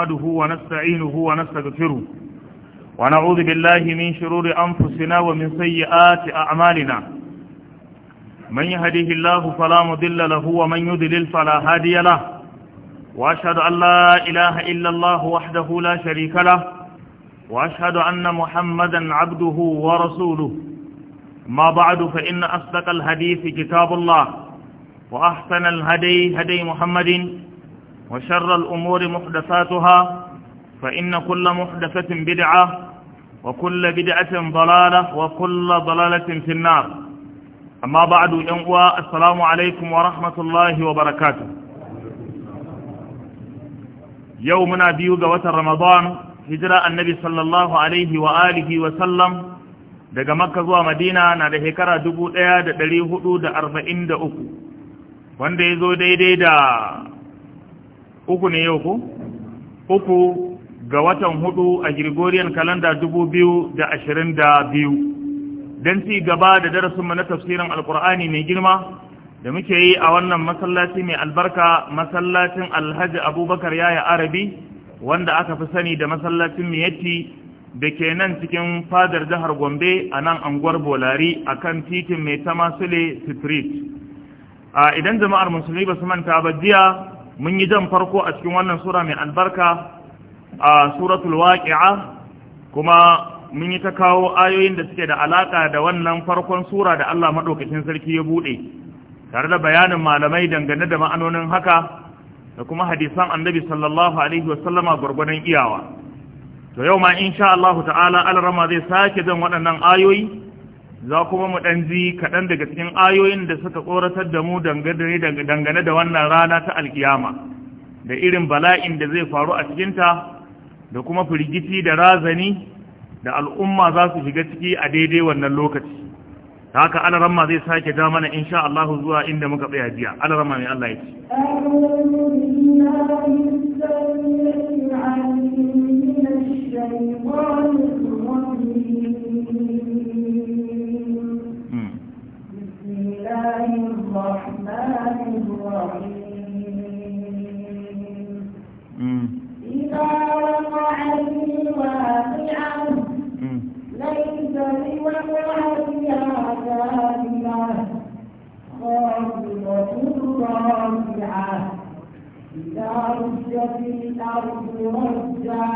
نحمده ونستعينه ونستغفره ونعوذ بالله من شرور أنفسنا ومن سيئات أعمالنا من يهديه الله فلا مضل له ومن يضلل فلا هادي له وأشهد أن لا إله إلا الله وحده لا شريك له وأشهد أن محمدا عبده ورسوله ما بعد فإن أصدق الحديث كتاب الله وأحسن الهدي هدي محمد وشر الأمور محدثاتها فإن كل محدثة بدعة وكل بدعة ضلالة وكل ضلالة في النار أما بعد ينقوى السلام عليكم ورحمة الله وبركاته يومنا بيوغ وتر رمضان هجرة النبي صلى الله عليه وآله وسلم daga makka zuwa madina na da shekara 1443 wanda ya zo daidai da uku ne yau ku? uku ga watan hudu a Gregorian da biyu. don ci gaba da darasinmu na tafsirin alkur'ani mai girma da muke yi a wannan masallaci mai albarka masallacin alhaji abubakar yaya arabi wanda aka fi sani da masallacin miyatti da ke nan cikin fadar jihar gombe a nan anguwar bolari a kan titin mai sule street a idan jama'ar musulmi ba su manta ba jiya mun yi jan farko a cikin wannan sura mai albarka a suratul waƙi'a kuma mun yi ta kawo ayoyin da suke da alaƙa da wannan farkon sura da Allah maɗaukacin sarki ya buɗe tare da bayanin malamai dangane da ma'anonin haka da kuma hadisan annabi sallallahu alaihi wasallama gurgurdan iyawa to yau ma insha Allah ta'ala alrama zai sake jan waɗannan ayoyi za kuma mu ɗan ji kaɗan daga cikin ayoyin da suka tsoratar da mu dangane da wannan rana ta alkiyama da irin bala'in da zai faru a cikinta da kuma firgici da razani da al'umma za su shiga ciki a daidai wannan lokaci ta haka alaramma zai sake ja mana insha Allah zuwa inda muka tsaya jiya alaramma mai Allah ya ce الله الرحمن الرحيم إذا وقعت الواقعة ليس لوقعتها كاذبة خاطرة رافعة إذا رجت الأرض رجا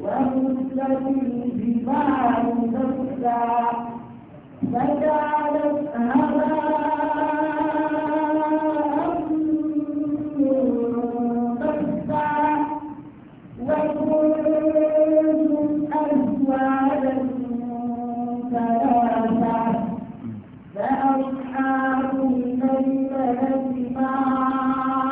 وبست الجبال بسا فجعلت هباء منبثا وكنتم أزواجا ثلاثة فأصحاب الميمنة ما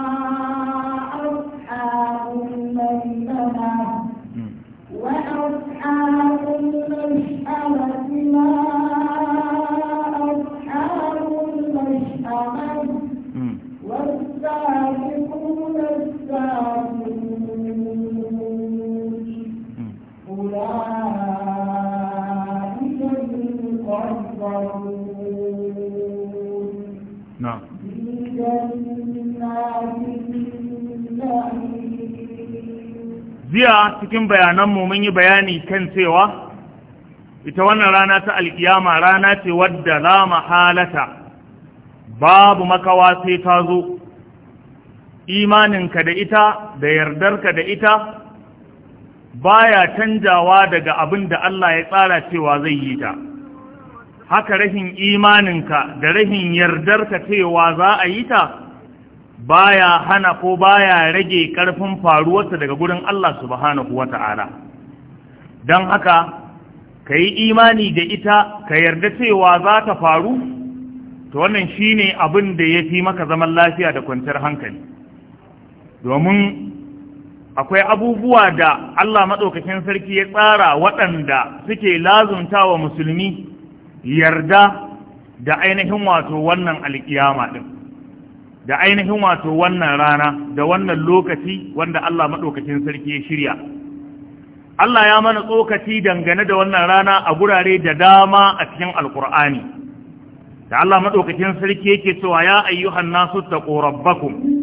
jiya cikin bayananmu mun yi bayani kan cewa ita wannan rana ta alkiyama rana ce wadda la mahalata babu makawa sai ta zo imaninka da ita da yardarka da ita baya canjawa daga abin da Allah ya tsara cewa zai yi ta haka rahin imaninka da rahin yardarka cewa za a yi ta baya hana ko baya rage karfin faruwarsa daga gurin Allah subhanahu wata'ala don haka ka yi imani da ita ka yarda cewa za ta faru to wannan shine abin da ya fi maka zaman lafiya da kwanciyar hankali domin akwai abubuwa da Allah maɗaukakin sarki ya tsara waɗanda suke lazunta wa musulmi yarda da ainihin wato wannan alkiyama ɗin da ainihin wato wannan rana da wannan lokaci wanda Allah maɗaukacin sarki ya shirya Allah ya mana tsokaci dangane da wannan rana a gurare da dama a cikin alkur'ani da Allah maɗaukacin sarki yake cewa ya ayyuhan nasu ta rabbakum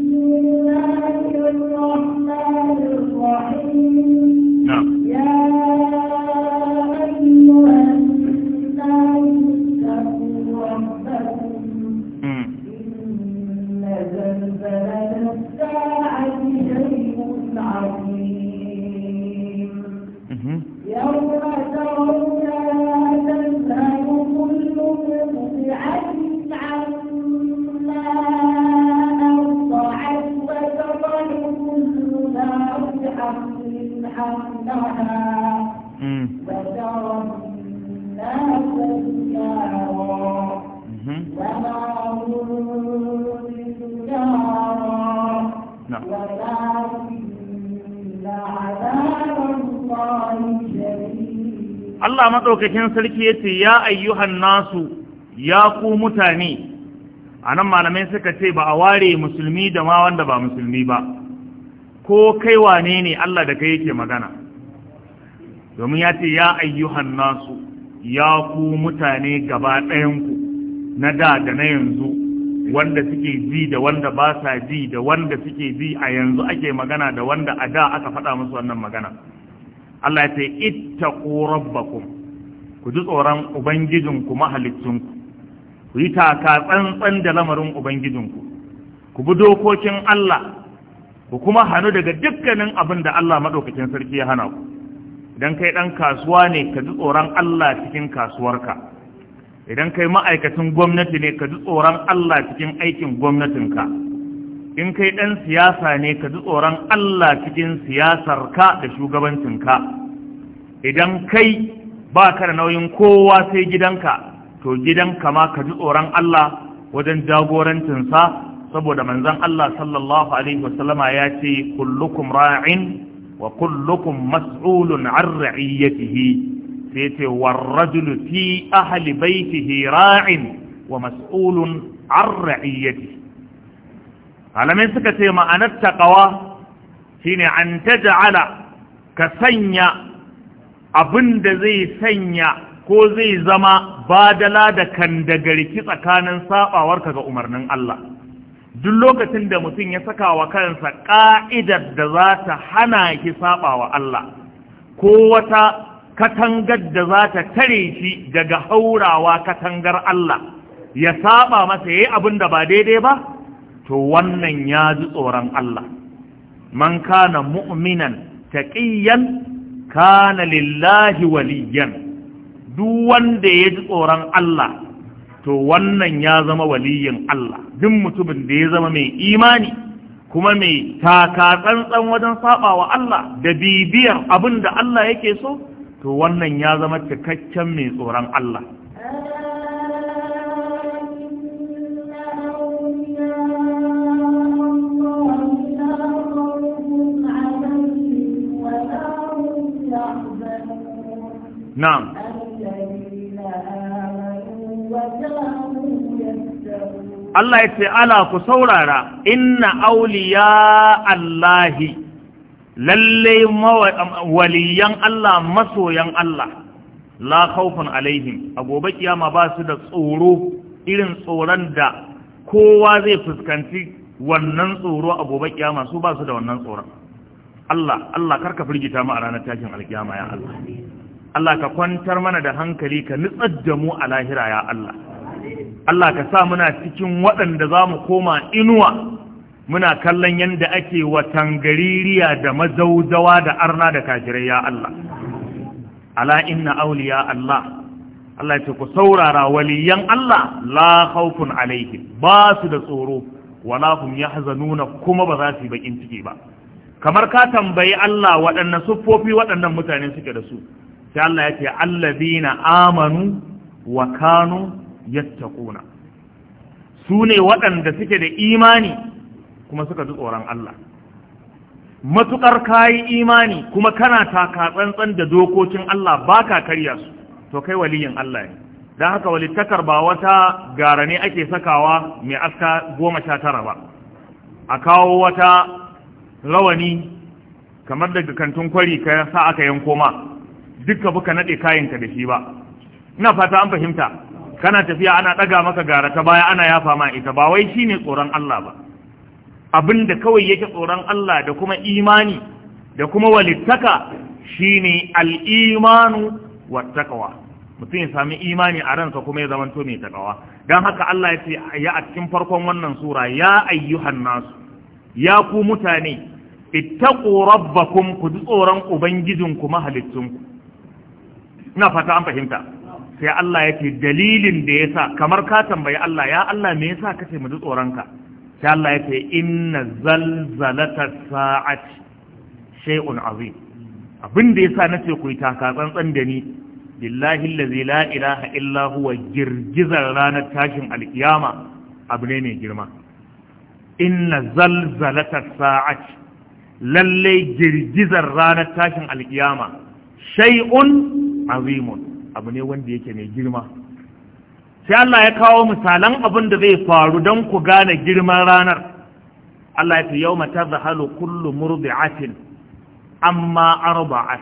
Allah maɗaukakin sarki ya ce, Ya ayyuhan nasu, ya ku mutane, a nan malamai suka ce ba a ware musulmi da ma wanda ba musulmi ba, ko kai wane ne Allah da kai yake magana. Domin ya ce, Ya ayyuhan nasu, ya ku mutane gaba ɗayanku, na da da na yanzu, wanda suke ji da wanda ba sa ji da wanda suke ji a yanzu ake magana da wanda a da aka faɗa musu wannan magana Allah ya ce ittaqu rabbakum ku ji tsoron ubangijinku mahaliccinku ku yi taka tsantsan da lamarin ubangijinku ku bi dokokin Allah ku kuma hannu daga dukkanin abin da Allah maɗaukakin sarki ya hana ku idan kai ɗan kasuwa ne ka ji tsoron Allah cikin kasuwarka idan kai ma'aikacin gwamnati ne ka ji tsoron Allah cikin aikin gwamnatinka in kai ɗan siyasa ne ka ji tsoron Allah cikin siyasarka da shugabancinka idan kai ba ka da nauyin kowa sai gidanka to gidanka ma ka ji tsoron Allah wajen jagorancinsa saboda manzon Allah sallallahu alaihi wasallama ya ce kullukum ra'in wa kullukum mas'ulun an ra'iyatihi sai ce warrajulu fi ahli baitihi ra'in wa mas'ulun an ra'iyati malamai suka ce ma'anar taqawa shine an taj'ala ka sanya abinda zai sanya ko zai zama badala da da kan garki tsakanin saɓawarka ga umarnin Allah duk lokacin da mutum ya saka wa kansa ka'idar da za ta hana ki sabawa Allah ko wata katangar da za ta tare shi daga haurawa katangar Allah ya saba masa yayi abin da ba daidai ba to wannan ya ji tsoron Allah man kana mu'minan taqiyan kana lillahi waliyan duk wanda ya ji tsoron Allah to wannan ya zama waliyin Allah duk mutumin da ya zama mai imani kuma mai taka tsantsan wajen saba wa Allah da bibiyar abin da Allah yake so to wannan ya zama cikakken mai tsoron Allah na'am Allah ya ce ala ku saurara inna auliya Allahi lalle waliyan Allah masoyan Allah la khawfun alaihim a gobe kiyama ba su da tsoro irin tsoron da kowa zai fuskanci wannan tsoro a gobe kiyama su ba su da wannan tsoron Allah Allah karka firgita mu a ranar tashin alkiyama ya Allah Allah ka kwantar mana da hankali ka nutsar da mu a lahira ya Allah Allah ka sa muna cikin waɗanda za mu koma inuwa muna kallon yadda ake wa tangaririya da mazauzawa da arna da kajirai ya Allah ala inna auliya Allah Allah ce ku saurara waliyan Allah la haukun alaihi ba su da tsoro wala haza nuna kuma ba za su yi bakin ciki ba kamar ka tambayi Allah waɗannan siffofi waɗannan mutane suke da su sai Allah ya ce allazina amanu wa kanu yattaquna su ne waɗanda suke da imani kuma suka ji tsoron Allah matukar kayi imani kuma kana taka tsantsan da dokokin Allah baka karya su to kai waliyin Allah ne dan haka walittakar ba wata gara ne ake sakawa mai aska goma sha tara ba a kawo wata rawani kamar daga kantin kwari ka sa aka yanko ma dukka buka nade kayanka da shi ba ina fata an fahimta kana tafiya ana daga maka gara ta baya ana yafa ma ita ba wai shi ne tsoron Allah ba Abin da kawai yake tsoron Allah da kuma imani da kuma walittaka shine ne imanu wa takawa. mutum ya sami imani a ransa kuma ya zamanto mai takawa don haka Allah ya ce ya a cikin farkon wannan sura ya ayyuhan nasu ya ku mutane ittaqu rabbakum ku ji tsoron ubangijinku mahalittunku ina fata an fahimta sai Allah ya ce dalilin da ya sa kamar ka tambayi Allah ya Allah me yasa kace mu ji tsoronka? ka sai Allah ya ce inna zalzalata sa'ati shay'un azim abin da yasa nace ku yi taka tsantsan da ni billahi allazi la ilaha illa huwa girgizar ranar tashin alkiyama abu ne mai girma inna zalzalata sa'ati lalle girgizar ranar tashin alkiyama shay'un azimun abu ne wanda yake mai girma sai Allah ya kawo misalan abin da zai faru don ku gane girman ranar Allah ya fi yau mata zahalu murbe murbi'atin amma arba'at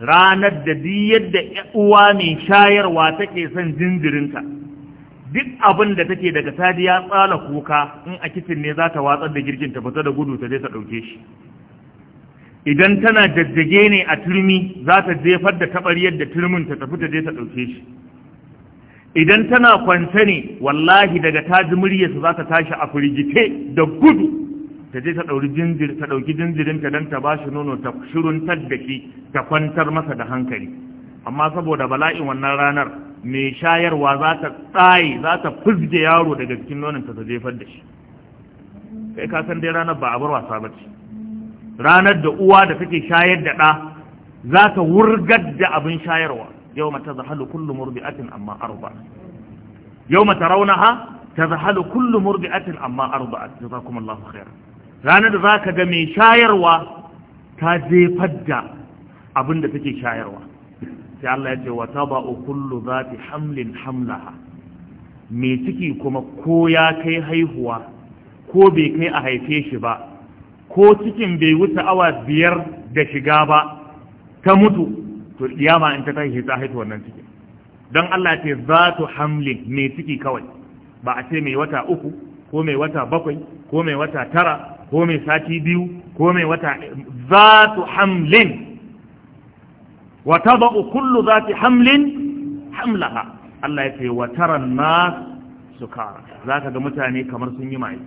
ranar da duk yadda uwa mai shayarwa take son jinjirinta duk abin da take daga sadiya tsala kuka in a kitin ne za ta watsar da girkin ta da gudu ta je ta ɗauke shi idan tana jajjage ne a turmi za ta jefar da taɓariyar da turmin ta tafi ta je ta ɗauke shi idan tana kwance ne wallahi daga ta ji muryarsa za ta tashi a firgice da gudu ta je ta ɗauki ta ɗauki jinjirinta don ta ba shi nono ta shiruntar da shi ta kwantar masa da hankali amma saboda bala'in wannan ranar mai shayarwa za ta tsaye za ta fuzge yaro daga cikin nonon ta jefar da shi kai ka san dai ranar ba a bar wasa ba ce ranar da uwa da take shayar da ɗa za ta wurgar da abin shayarwa yawma tazhalu kullu murdi'atin amma arba yawma tarawnaha tazhalu kullu murdi'atin amma arba jazakumullahu khairan ranar da zaka ga mai shayarwa ta jefar da abin da take shayarwa sai Allah ya ce wa taba'u kullu zati hamlin hamlaha mai ciki kuma ko ya kai haihuwa ko bai kai a haife shi ba ko cikin bai wuce awa biyar da shiga ba ta mutu to kiyama in ta tashi ta haihu wannan ciki don Allah ce za ta hamlin mai ciki kawai ba a ce mai wata uku ko mai wata bakwai ko mai wata tara ko mai sati biyu ko mai wata za ta hamlin wa tada'u kullu zati hamlin hamlaha Allah ya ce wa su kara. sukara zaka ga mutane kamar sun yi maye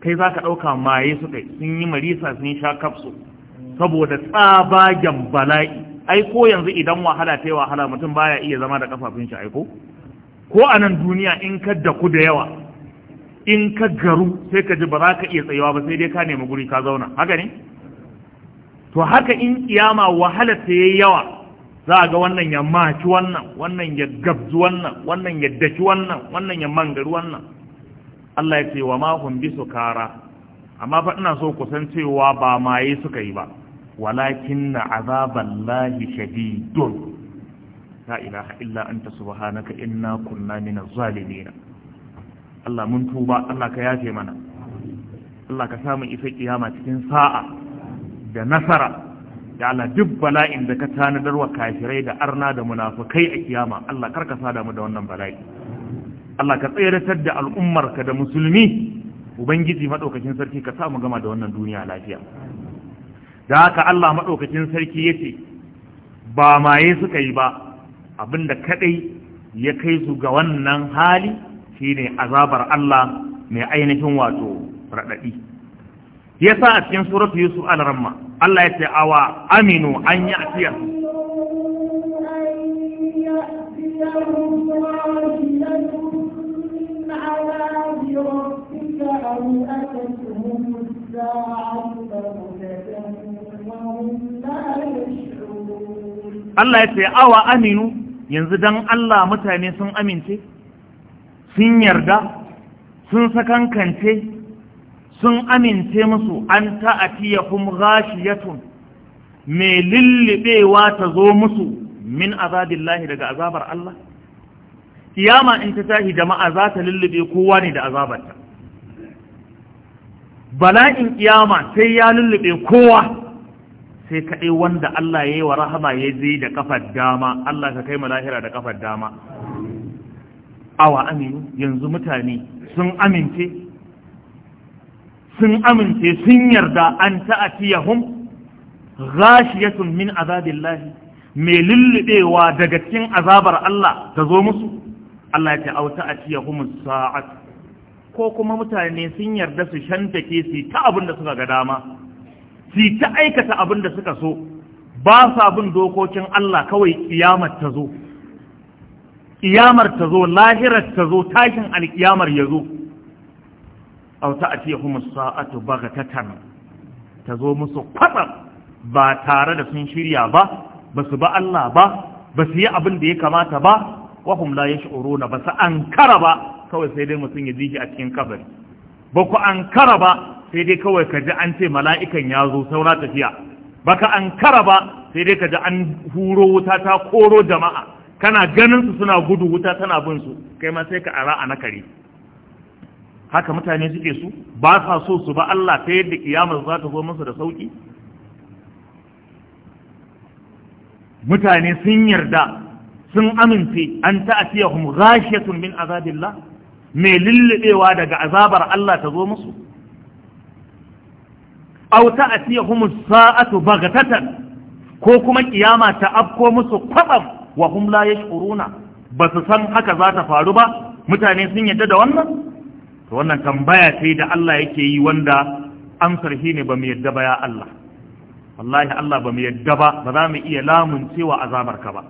kai zaka ɗauka maye suka sun yi marisa sun sha kapsu saboda tsabagen bala'i ai ko yanzu idan wahala ta yi wahala mutum baya iya zama da kafafun shi aiko ko a nan duniya in ka daku da yawa in ka garu sai ka ji ba za ka iya tsayawa ba sai dai ka nemi guri ka zauna haka ne to haka in kiyama wahala ta yi yawa za a ga wannan ya maci wannan wannan ya gabzu wannan wannan ya daki wannan wannan ya mangari wannan Allah ya ce wa ma hum bi kara. amma fa ina so ku cewa ba maye suka yi ba walakin na Lahi shadidun la ilaha illa anta subhanaka inna kunna minaz zalimin Allah mun tuba Allah ka yafe mana Allah ka samu isa kiyama cikin sa'a da nasara da Allah duk bala'in da ka tanadar wa kafirai da arna da munafukai a kiyama Allah karka sada mu da wannan bala'i Allah ka tsayaratar da al'ummarka da musulmi ubangiji madaukakin sarki ka samu gama da wannan duniya lafiya da haka Allah maɗaukacin sarki ya ce ba maye suka yi ba abinda kaɗai ya kai su ga wannan hali shine azabar Allah mai ainihin wato raɗaɗi ya sa a cikin suratu yusuf al-ramma Allah ya ce awa aminu an yi asiyar أو Allah ya ce awa aminu yanzu dan Allah mutane sun amince sun yarda sun sakankance sun amince musu an ta'atiyahum ghashiyatun mai lillibewa ta zo musu min azabillahi daga azabar Allah kiyama in ta tashi jama'a za ta lullube kowa ne da azabarta bala'in kiyama sai ya lullube kowa sai kaɗai wanda Allah ya yi wa rahama ya zai da kafar dama Allah ka kai mu lahira da kafar dama awa aminu yanzu mutane sun amince sun amince sun yarda an ta'atiyahum ghashiyatun min azabillahi mai lullubewa daga cikin azabar Allah ta zo musu Allah ya ce au ta'atiyahum sa'at ko kuma mutane sun yarda su shantake su ta abin da suka ga dama su ta aikata abin da suka so ba sa bin dokokin Allah kawai kiyamar ta zo kiyamar ta zo lahirar ta zo tashin alkiyamar ya zo A wata a ce kuma saatu tatan ta zo musu kwatsa ba tare da sun shirya ba ba su ba Allah ba ba su yi abin da ya kamata ba wahum la orona ba su ankara ba kawai sai dai mutum ya ji a cikin kabari ba ku ankara ba sai dai kawai ka ji an ce mala'ikan ya zo saura tafiya baka an kara ba sai dai ka ji an huro wuta ta koro jama'a kana ganin su suna gudu wuta tana bin su kai ma sai ka ara a nakari haka mutane suke su ba sa so su ba Allah ta yadda kiyama za ta zo musu da sauki mutane sun yarda sun amince an ta'atiyahum ghashiyatun min azabillah mai lullubewa daga azabar Allah ta zo musu aw ta'tiyahum as-sa'atu baghtatan ko kuma kiyama ta afko musu kwabam wa hum la yash'uruna ba su san haka za ta faru ba mutane sun yadda da wannan to wannan tambaya ce da Allah yake yi wanda amsar shi ne ba mu yadda ba ya Allah wallahi Allah ba mu yadda ba ba za mu iya lamun cewa azabar ka ba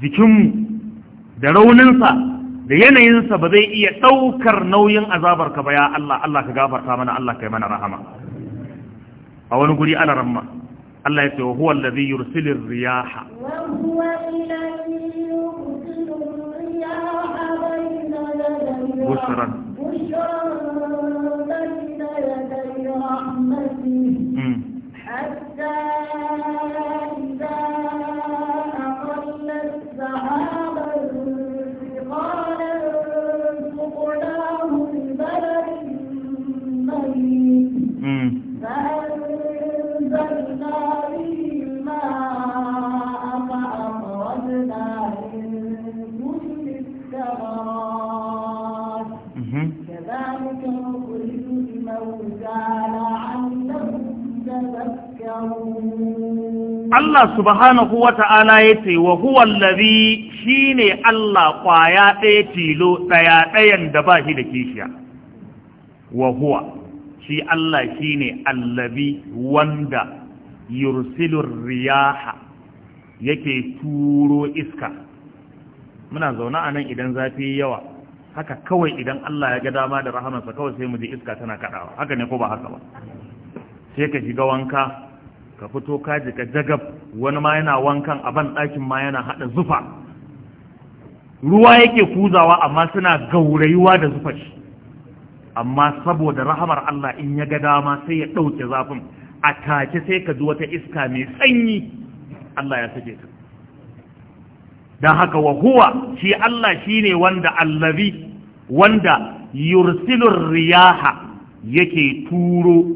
jikinmu da rauninsa da yanayinsa ba zai iya ɗaukar nauyin azabar ka ba ya Allah Allah ka gafarta mana Allah ka yi mana rahama a wani guri ana ramma Allah ya ce wa huwa allazi yursilir riyaha بشرا حتى Allah subhanahu wa ta'ala ya ce wa shi ne Allah ƙwaya ɗaya tilo ɗaya ɗayan da ba shi da kishiya wa huwa shi Allah shi ne allabi wanda yursilur riyaha yake turo iska muna zaune a nan idan zafi yawa haka kawai idan Allah ya ga dama da rahamarsa kawai sai mu ji iska tana kaɗawa haka ne ko ba haka ba sai ka shiga wanka ka fito ka ka jagab wani ma yana wankan a ban ɗakin ma yana haɗa zufa ruwa yake kuzawa amma suna gaurayuwa da zufa shi amma saboda rahamar Allah in ya ga dama sai ya ɗauke zafin a take sai ka ji wata iska mai sanyi Allah ya sake ta don haka wa huwa shi Allah shi ne wanda allabi wanda yursilur riyaha yake turo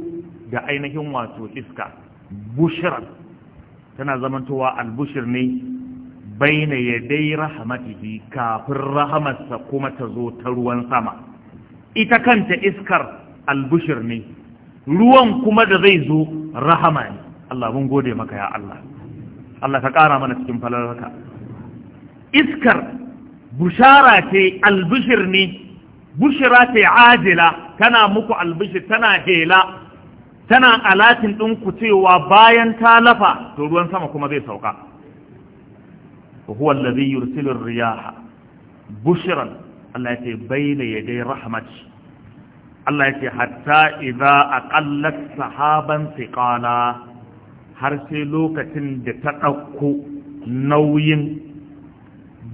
da ainihin wato iska bushran tana zamantowa albushir ne baina dai rahmatihi kafin rahamarsa kuma ta zo ta ruwan sama ita kanta iskar albushir ne ruwan kuma da zai zo rahama ne Allah mun gode maka ya Allah Allah ka ƙara mana cikin falalaka iskar bushara ce albushir ne bushira ce ajila tana muku albushir tana hela tana alatin ɗin ku cewa bayan ta lafa to ruwan sama kuma zai sauka wa huwa allazi yursilu riyaha bushran Allah yake baina yaday rahmati Allah yake hatta idza aqallat sahaban thiqala har sai lokacin da ta ɗauko nauyin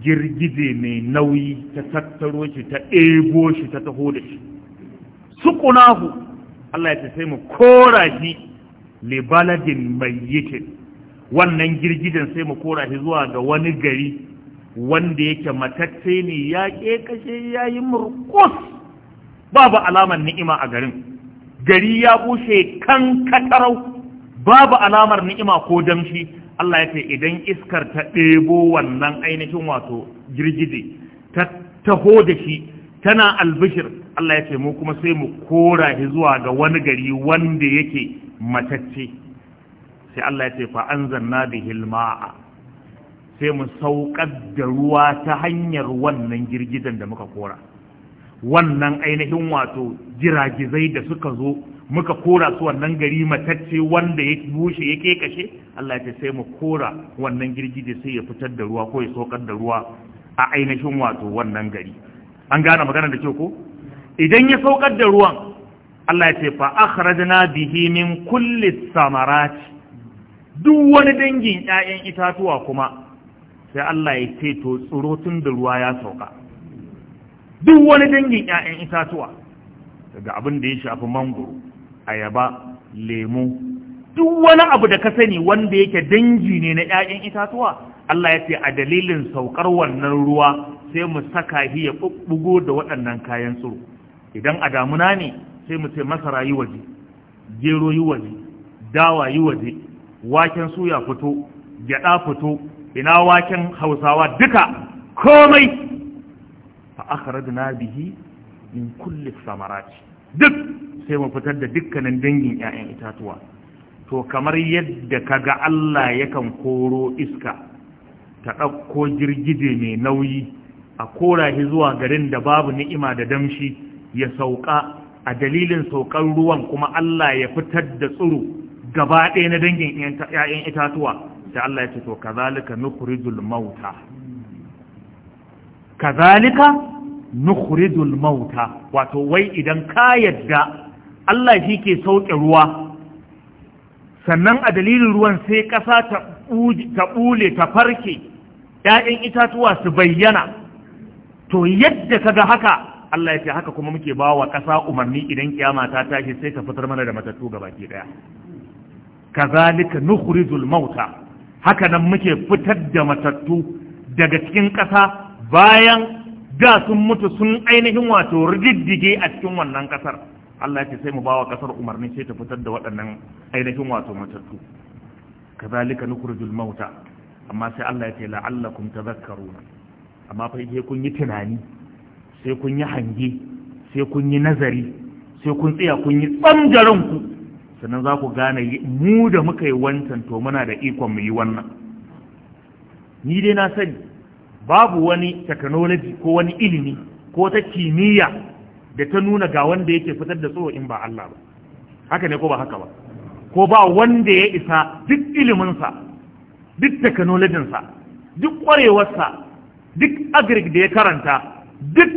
girgije mai nauyi ta tattaro shi ta ebo shi ta taho da shi suqunahu Allah ya ce sai mu kora shi li baladin mayyitin wannan girgijen sai mu kora shi zuwa ga wani gari wanda yake matacce ne ya kashe ya yi murkus babu alamar ni'ima a garin gari ya bushe kan katarau babu alamar ni'ima ko damshi Allah ya ce idan iskar ta ɗebo wannan ainihin wato girgije ta taho da shi tana albishir Allah ya ce mu kuma sai mu kora shi zuwa ga wani gari wanda yake matacce sai Allah ya ce fa anzanna bihil ma'a sai mu saukar da ruwa ta hanyar wannan girgizan da muka kora wannan ainihin wato jiragizai da suka zo muka kora su wannan gari matacce wanda ya bushe ya kashe, Allah ya ce sai mu kora wannan girgije sai ya fitar da ruwa ko ya saukar da ruwa a ainihin wato wannan gari an gane magana da ke ko idan ya saukar da ruwan Allah ya ce fa akhrajna bihi min kulli samarati duk wani dangin ƴaƴan itatuwa kuma sai Allah ya ce to tsuro tun da ruwa ya sauka duk wani dangin ƴaƴan itatuwa daga abin da ya shafi mangoro ayaba lemu duk wani abu da ka sani wanda yake dangi ne na ƴaƴan itatuwa Allah ya ce a dalilin saukar wannan ruwa sai mu saka shi ya bubbugo da waɗannan kayan tsoro idan a damuna ne sai mu ce masara yi waje gero yi waje dawa yi waje waken suya fito gyaɗa fito ina waken hausawa duka komai fa akhrajna bihi min kulli samarati duk sai mu fitar da dukkanin dangin 'ya'yan itatuwa to kamar yadda kaga Allah yakan koro iska ta ɗauko girgije mai nauyi a kora shi zuwa garin da babu ni'ima da damshi ya sauka a dalilin saukan ruwan kuma Allah ya fitar da tsuru gaba ɗaya na dangin 'ya'yan itatuwa da Allah ya ce to kazalika nukhrijul mauta kazalika nukhrijul mauta wato wai idan ka yadda Allah shi ke sauke ruwa sannan a dalilin ruwan sai ƙasa ta ɓule ta farke ‘ya'yan itatuwa su bayyana to yadda kaga haka Allah ya ce haka kuma muke ba wa ƙasa umarni idan kiyama ta tashi sai ka fitar mana da matattu gabaki daya kazalika nukhrijul mauta haka nan muke fitar da matattu daga cikin ƙasa bayan da sun mutu sun ainihin wato rididdige a cikin wannan ƙasar Allah ya ce sai mu ba wa ƙasar umarni sai ta fitar da waɗannan ainihin wato matattu kazalika nukhrijul mauta amma sai Allah ya ce la'allakum tadhakkaruna amma fa sai kun yi tunani sai kun yi hange sai kun yi nazari sai kun tsaya kun yi tsamgarin ku sannan za ku gane mu da muka yi wancan to muna da ikon mu yi wannan ni dai na sani babu wani technology ko wani ilimi ko ta kimiyya da ta nuna ga wanda yake fitar da tsoro in ba Allah ba haka ne ko ba haka ba ko ba wanda ya isa duk iliminsa duk technologinsa duk ƙwarewarsa duk Agrik da ya karanta duk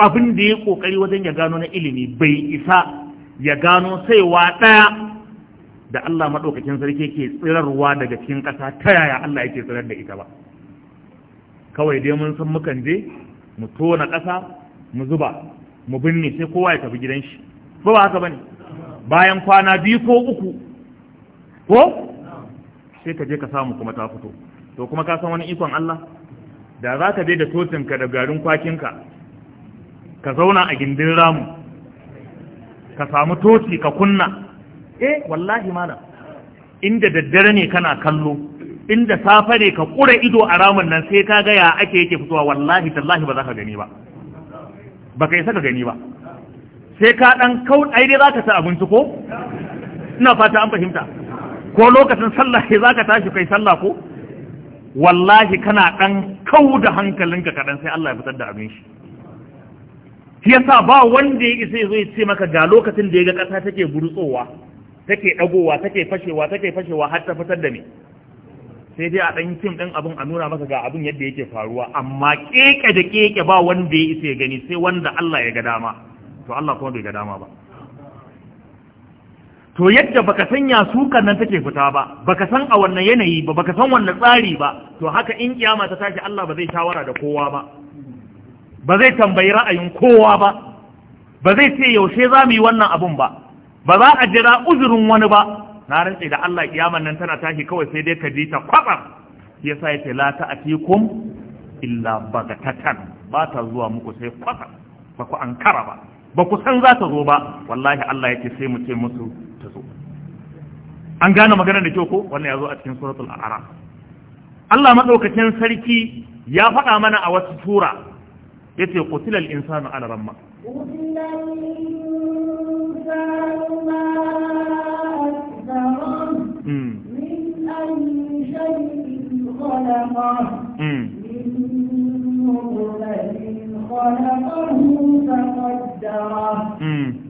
abin da ya kokari wajen ya gano na ilimi bai isa ya gano saiwa ɗaya da Allah maɗaukakin sarki ke tsirarwa daga cikin ƙasa ta yaya Allah yake tsirar da ita ba kawai dai mun san mukan je mu tona ƙasa mu zuba mu binne sai kowa ya tafi gidan shi ba ba haka bane bayan kwana biyu ko uku ko sai ka je ka samu kuma ta fito to kuma ka san wani ikon Allah da za ka je da ka da garin kwakinka ka zauna a gindin ramu ka samu toci ka kunna eh wallahi malam inda daddare ne kana kallo inda safa ne ka kura ido a ramun nan sai ka ga ya ake yake fitowa wallahi tallahi ba za ka gani ba ba ka isa ka gani ba sai ka dan kau ai dai za ka ta abinci ko ina fata an fahimta ko lokacin sallah sai za ka tashi kai sallah ko wallahi kana ɗan kau da hankalinka kaɗan sai Allah ya fitar da abin shi shi yasa ba wanda ya isa ya ce maka ga lokacin da ya ga ƙasa take burtsowa take ɗagowa take fashewa take fashewa har ta fitar da ni sai dai a ɗan cin ɗan abin a nuna maka ga abin yadda yake faruwa amma keke da keke ba wanda ya isa ya gani sai wanda Allah ya ga dama to Allah kuma bai ga dama ba to yadda baka sanya sukan nan take fita ba baka san a wannan yanayi ba baka san wannan tsari ba to haka in kiyama ta tashi Allah ba zai shawara da kowa ba ba zai tambayi ra'ayin kowa ba ba zai ce yaushe za mu yi wannan abun ba ba za a jira uzurin wani ba na rantse da Allah kiyaman nan tana tashi kawai sai dai ka ji ta kwatsam yasa ce, la ta'tikum illa bagatatan ba ta zuwa muku sai kwatsam ba ku ankara ba ba ku san za ta zo ba wallahi Allah yake sai mu ce musu an gane maganar da kyau ko wannan ya zo a cikin suratul a'raf Allah madaukakin sarki ya faɗa mana a wasu sura yace qutilal insanu ala ramma Mm.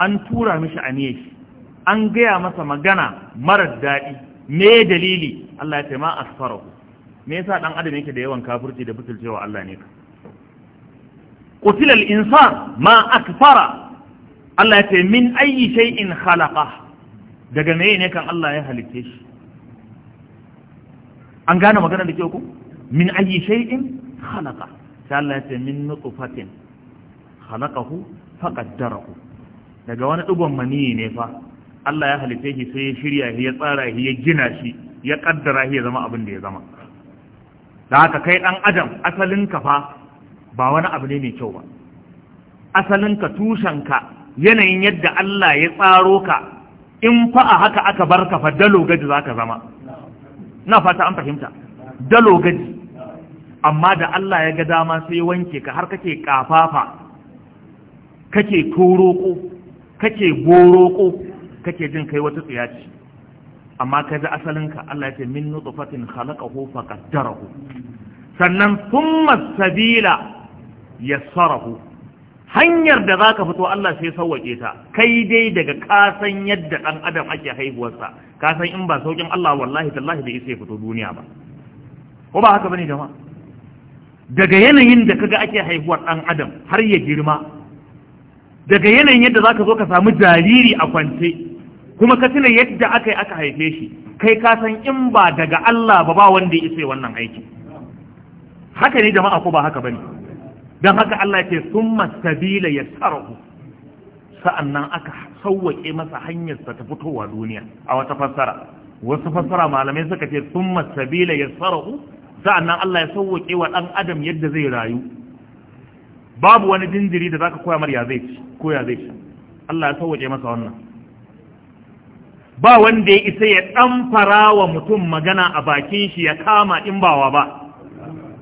an tura mishi aniyar shi an gaya masa magana marar daɗi me dalili Allah ya ce ma asfarahu me yasa dan adam yake da yawan kafirci da butulcewa Allah ne ka qutila al-insan ma akfara Allah ya ce min ayyi shay'in khalaqa daga meye ne kan Allah ya halitte shi an gane magana da kyau ku min ayyi shay'in khalaqa sai Allah ya ce min nutfatin khalaqahu faqaddarahu daga wani dubon maniyi ne fa Allah ya halitta shi sai ya shirya shi ya tsara shi ya gina shi ya kaddara shi ya zama abin da ya zama da haka kai dan adam asalin ka fa ba wani abu ne mai kyau ba asalin ka tushen ka yanayin yadda Allah ya tsaro ka in fa a haka aka bar ka fa dalo gaji zaka zama na fata an fahimta dalo gaji amma da Allah ya ga dama sai wanke ka har kake kafafa kake koroko kake goroko kake jin kai wata tsiya ce amma ka ji asalinka Allah ya ce min nutfatin khalaqahu fa qaddarahu sannan thumma sabila yassarahu hanyar da zaka fito Allah sai sauwake ta kai dai daga kasan yadda dan adam ake haihuwarsa san in ba saukin Allah wallahi tallahi da sai fito duniya ba ko ba haka bane jama'a daga yanayin da kaga ake haihuwar dan adam har ya girma daga yanayin yadda zaka zo ka samu jariri a kwance kuma ka tuna yadda aka yi aka haife shi kai ka san in ba daga Allah ba ba wanda ya isa wannan aiki haka ne jama'a ko ba haka bane dan haka Allah ce summa sabila yasarahu sa'annan aka sauwake masa hanyar sa ta fitowa duniya a wata fassara wasu fassara malamai suka ce summa sabila yasarahu sa'annan Allah ya sauwake wa ɗan adam yadda zai rayu babu wani jinjiri da zaka koya mar ya zai ci ko ya zai ci Allah ya sauke masa wannan ba wanda ya isa ya dan farawa mutum magana a bakin shi ya kama in bawa ba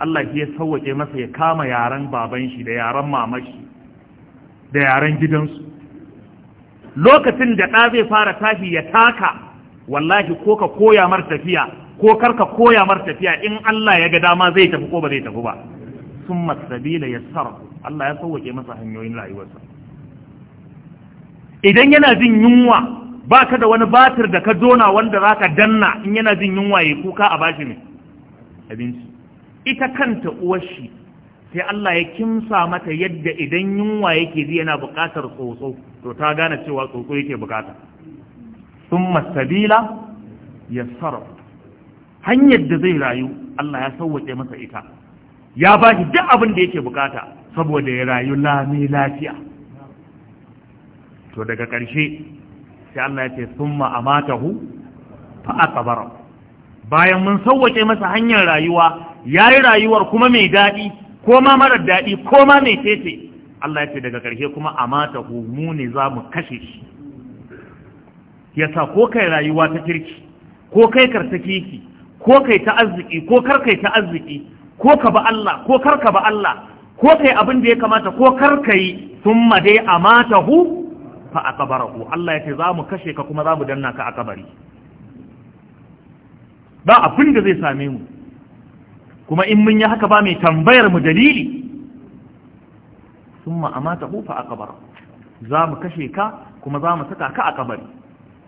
Allah ya sauke masa ya kama yaran baban shi da yaran shi, da yaran gidansu lokacin da ɗa zai fara tafi ya taka wallahi ko ka koya mar tafiya ko karka koya mar tafiya in Allah ya ga dama zai tafi ko ba zai tafi ba sun masabila ya sarfu Allah ya sauwake masa hanyoyin rayuwarsa idan yana jin yunwa ba ka da wani batir da ka jona wanda za ka danna in yana jin yunwa ya kuka a bashi ne abinci ita kanta uwar shi sai Allah ya kimsa mata yadda idan yunwa yake ji yana buƙatar tsotso to ta gane cewa tsotso yake buƙata sun masabila ya hanyar da zai rayu Allah ya sauwaƙe masa ita ya ba shi duk abin da yake bukata saboda ya rayu lami lafiya to daga ƙarshe sai Allah ya ce summa amatahu fa aqbara bayan mun sauke masa hanyar rayuwa yayi rayuwar kuma mai daɗi, ko ma marar dadi ko ma mai tete Allah ya ce daga ƙarshe kuma amatahu mu ne za mu kashe shi Ya yasa ko kai rayuwa ta kirki ko kai karsake ki ko kai ta arziki ko kar kai ta arziki ko ka ba Allah ko kar ka ba Allah ko kai abin da ya kamata ko kar ka yi thumma dai amatahu fa a aqbarahu Allah ya ce za mu kashe ka kuma za mu danna ka a kabari ba abin da zai same mu kuma in mun yi haka ba mai tambayar mu dalili Sun ma thumma amatahu fa a aqbarahu za mu kashe ka kuma za mu saka ka a kabari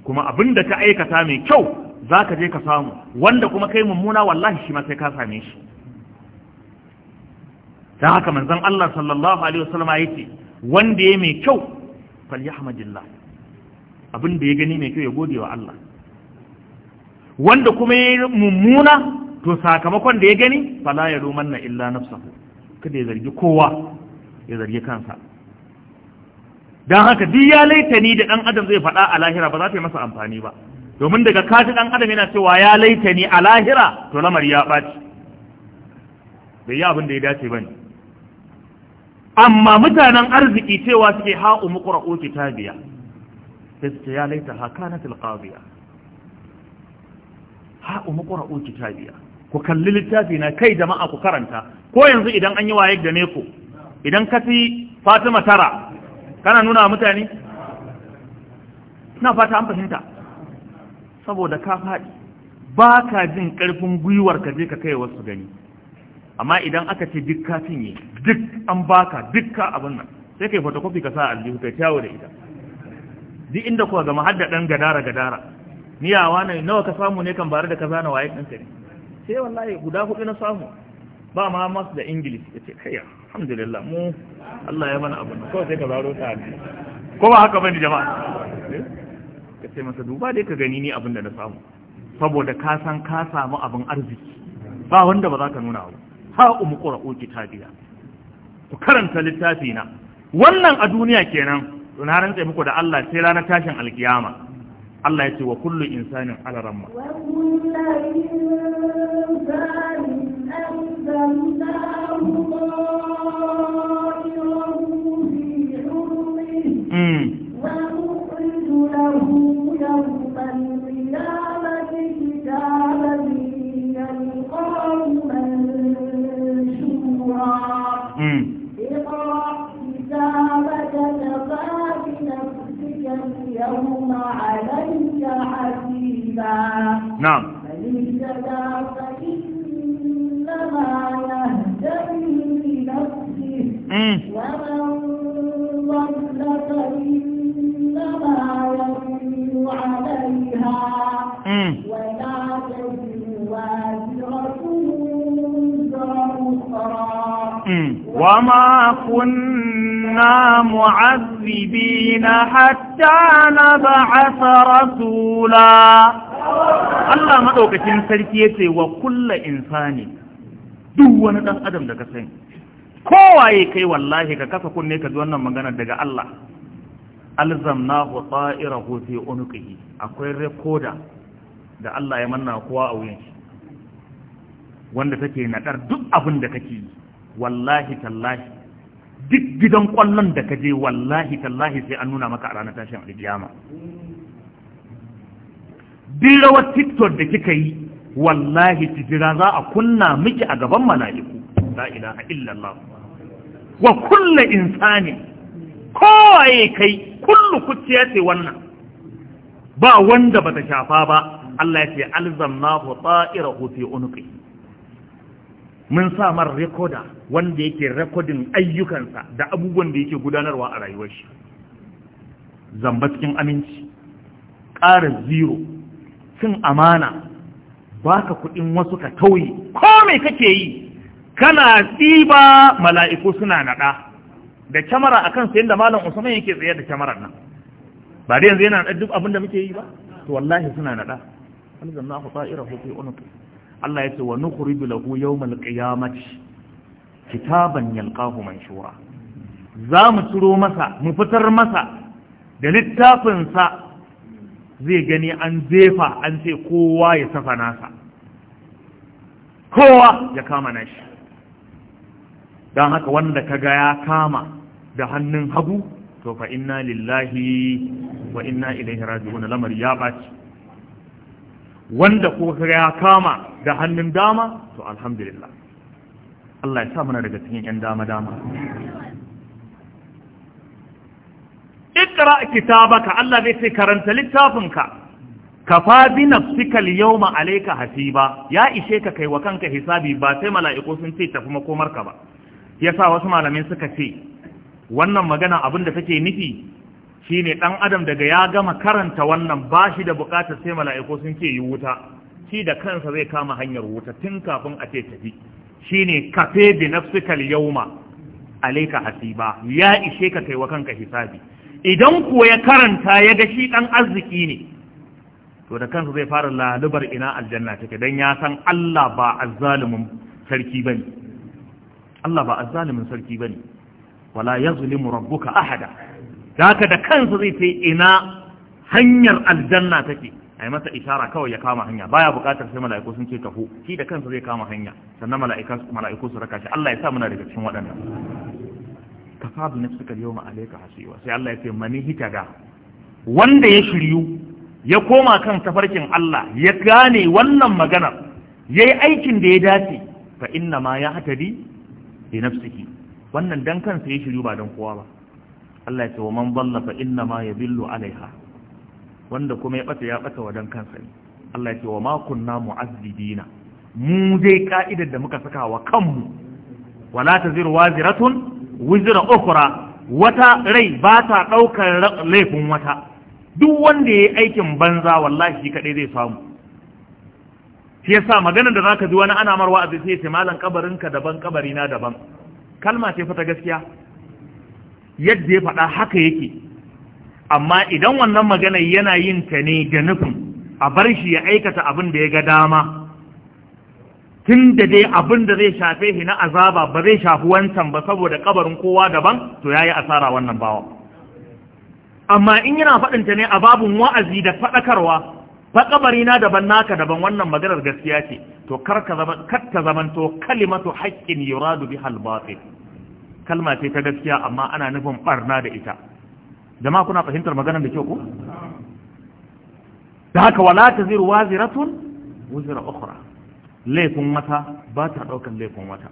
kuma abin da ka aikata mai kyau za ka je ka samu wanda kuma kai mummuna wallahi shi ma sai ka same shi dan haka manzon Allah sallallahu alaihi wasallama yace wanda ya mai kyau falyahmadillah abin da ya gani mai kyau ya gode wa Allah wanda kuma ya mummuna to sakamakon da ya gani fala ya rumanna illa nafsahu kada ya zargi kowa ya zargi kansa don haka duk ya laitani da ɗan adam zai faɗa a lahira ba za ta yi masa amfani ba domin daga kaji ɗan adam yana cewa ya laitani a lahira to lamar ya ɓaci bai yi abin da ya dace ba ne amma mutanen arziki cewa suke ha'u muqra'u kitabiya sai su ce ya laita haka na alqadiya ha'u ta biya ku kalli littafi na kai jama'a ku karanta ko yanzu idan an yi waye da ne ku idan ka fi Fatima tara kana nuna mutane na fata an fahimta saboda ka faɗi ba ka jin ƙarfin gwiwar ka je ka kai wasu gani amma idan aka ce duk kafin yi duk an baka dukka abin nan sai kai photocopy ka sa aljihu kai tawo da ita duk inda kuwa ga mahadda dan gadara gadara niyawa ne nawa ka samu ne kan bare da kaza na waye din ne sai wallahi guda hudu na samu ba ma masu da english yace kai alhamdulillah mu Allah ya mana abin kawai sai ka zaro ta ne ko ba haka bane jama'a eh? ka ce masa duba dai ka gani ni abin da na samu saboda ka san ka samu abin arziki ba wanda ba za ka nuna ba ha umu qura'u kitabiya ku karanta littafi na wannan a duniya kenan to na rantsa muku da Allah sai ranar tashin alkiyama Allah ya ce wa kullu insanin ala ramma Mm. نعم فإنما لنفسه ومن ضل فإنما يضل عليها أخرى نعم. وما كنا معذبين حتى نبعث رسولا Allah maɗaukacin sarki ya ce wa kulla insani duk wani ɗan adam da ka sani kowaye kai wallahi ka kasa kunne ka ji wannan magana daga Allah alzamnahu ta'irahu fi unqihi akwai rekoda da Allah ya manna kowa a wuyan shi wanda take naɗar duk abin da kake wallahi tallahi duk gidan kwallon da ka je wallahi tallahi sai an nuna maka a ranar tashin aljiyama duk tiktok da kika yi wallahi tijira za a kunna miki a gaban mala'iku la ilaha illallah wa kullu insani kowaye kai kullu kuciya ce wannan ba wanda bata shafa ba Allah ya ce alzamnahu ta'irahu fi unqi mun sa mar recorder wanda yake rekodin ayyukansa da abubuwan da yake gudanarwa a rayuwar shi zamba cikin aminci ƙara zero cin amana ba ka kuɗin wasu ka tauye ko mai kake yi kana tsiba mala'iku suna naɗa da kyamara a kan sayan da malam usman yake tsaye da kyamarar nan ba da yanzu yana naɗa duk abin da muke yi ba to wallahi suna naɗa alzamna ku sa'ira ku fi unuku Allah ya ce wa nukhriju lahu yawmal qiyamati kitaban yalqahu manshura za mu turo masa mu fitar masa da littafinsa zai gani an zefa an ce kowa ya safa nasa kowa ya kama nashi don haka wanda kaga ya kama da hannun hagu to fa inna lillahi wa inna ilaihi raji'un lamari ya baci wanda ko kaga ya kama da hannun dama to alhamdulillah Allah ya sa mana daga cikin 'yan dama-dama ba, ka Allah zai ce karanta littafinka kafa bi yau al-yawma alayka hasiba ya ishe ka kai wa kanka hisabi ba sai mala'iku sun ce tafi makomarka ba yasa wasu malamin suka ce wannan magana abin da take nufi shine ɗan adam daga ya gama karanta wannan bashi da bukatar sai mala'iku sun ce yi wuta shi da kansa zai kama hanyar wuta tun kafin a ce tafi shine kafe bi yau yawma alayka hasiba ya ishe ka kai wa kanka hisabi idan kuwa ya karanta ya ga shi ɗan arziki ne to da kansu zai fara lalubar ina aljanna take don ya san Allah ba azzalumin sarki ne, Allah ba azzalumin sarki ne, wala yazlimu rabbuka ahada haka da kansu zai ce ina hanyar aljanna take a yi masa isara kawai ya kama hanya baya bukatar sai mala'iku sun ce taho shi da kansa zai kama hanya sannan mala'iku su raka shi Allah ya sa muna daga cikin waɗannan kafa bi yawma alayka hasiba sai Allah ya ce mani hitada wanda ya shiryu ya koma kan tafarkin Allah ya gane wannan maganar yayi aikin da ya dace fa inna ma ya hatadi bi nafsihi wannan dan kansa ya shiryu ba dan kowa ba Allah ya ce wa man dalla fa inna ma yadillu alaiha wanda kuma ya bata ya bata wa dan kansa ne Allah ya ce wa ma kunna mu'azzibina mu dai ka'idar da muka saka wa kanmu wala taziru waziratun wuzira okura wata rai ba ta daukar laifin wata duk wanda yayi aikin banza wallahi shi kaɗai zai samu shi yasa maganar da zaka ji wani ana marwa a sai ce malan kabarinka daban na daban kalma ce fata gaskiya yadda ya faɗa haka yake amma idan wannan magana yana yin ta ne da nufin a bar shi ya aikata abin da ya ga dama tun da dai abin da zai shafe shi na azaba ba zai shafi wancan ba saboda kabarin kowa daban to ya yi asara wannan bawa amma in yana faɗinta ne a babin wa'azi da faɗakarwa fa kabari na daban naka daban wannan maganar gaskiya ce to kar ka zama to kalimatu haƙƙin yuradu biha al kalma ce ta gaskiya amma ana nufin barna da ita jama'a kuna fahimtar maganar da ke ku da haka wala taziru waziratun wuzira ukhra laifin wata ba ta ɗaukan laifin wata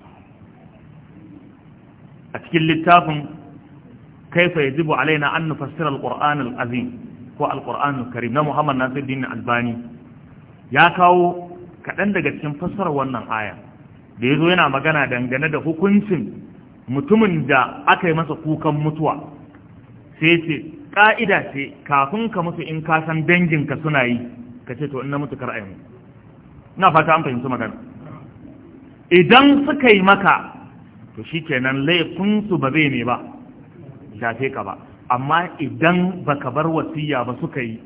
a cikin littafin kaifa ya jibu alaina an nufassir al-ƙur'an al-azim ko al-ƙur'an al-karim na muhammad nasir dini albani ya kawo kaɗan daga cikin fassarar wannan aya da ya zo yana magana dangane da hukuncin mutumin da aka yi masa kukan mutuwa sai ce ƙa'ida ce kafin ka mutu in ka san danginka suna yi ka ce to in na mutu kar a na fata an fahimci magana idan suka yi maka to shikenan laifinsu ba zai ne ba shafe ka ba amma idan baka bar wasiya ba suka yi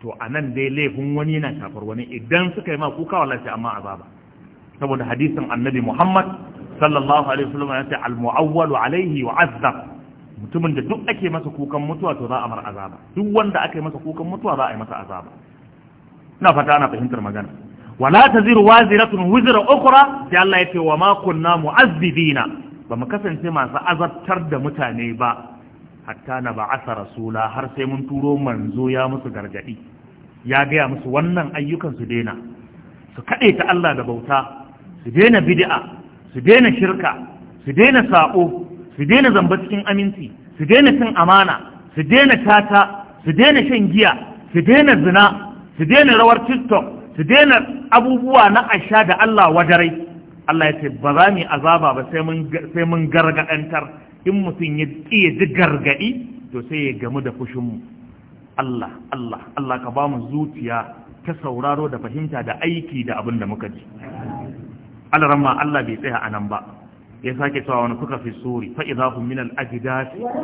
to a nan dai laifin wani yana shafar wani idan suka yi ma kuka wallahi amma azaba saboda hadisin annabi Muhammad sallallahu alaihi wasallam ya ce al-mu'awwalu alaihi wa azab mutumin da duk ake masa kukan mutuwa to za a mar azaba duk wanda aka masa kukan mutuwa za a yi masa azaba ina fata ana fahimtar magana wala taziru waziratun wizra ukhra sai Allah ya ce wa ma kunna ba mu kasance masu azabtar da mutane ba hatta na ba ba'asa rasula har sai mun turo manzo ya musu gargadi ya gaya musu wannan ayyukan su daina su kaɗe ta Allah da bauta su daina bid'a su daina shirka su daina sako su daina zamba cikin aminci su daina cin amana su daina tata su daina shan giya su daina zina su daina rawar tiktok su daina abubuwa na asha da Allah wadarai Allah ya ce ba za mu azaba ba sai mun gargadantar in mutum ya iya ji gargadi to sai ya gamu da fushinmu Allah Allah Allah ka ba mu zuciya ta sauraro da fahimta da aiki da abin da muka ji alarama Allah bai tsaya a nan ba ya sake cewa wani kuka fi suri fa idza hum min al ajdas wa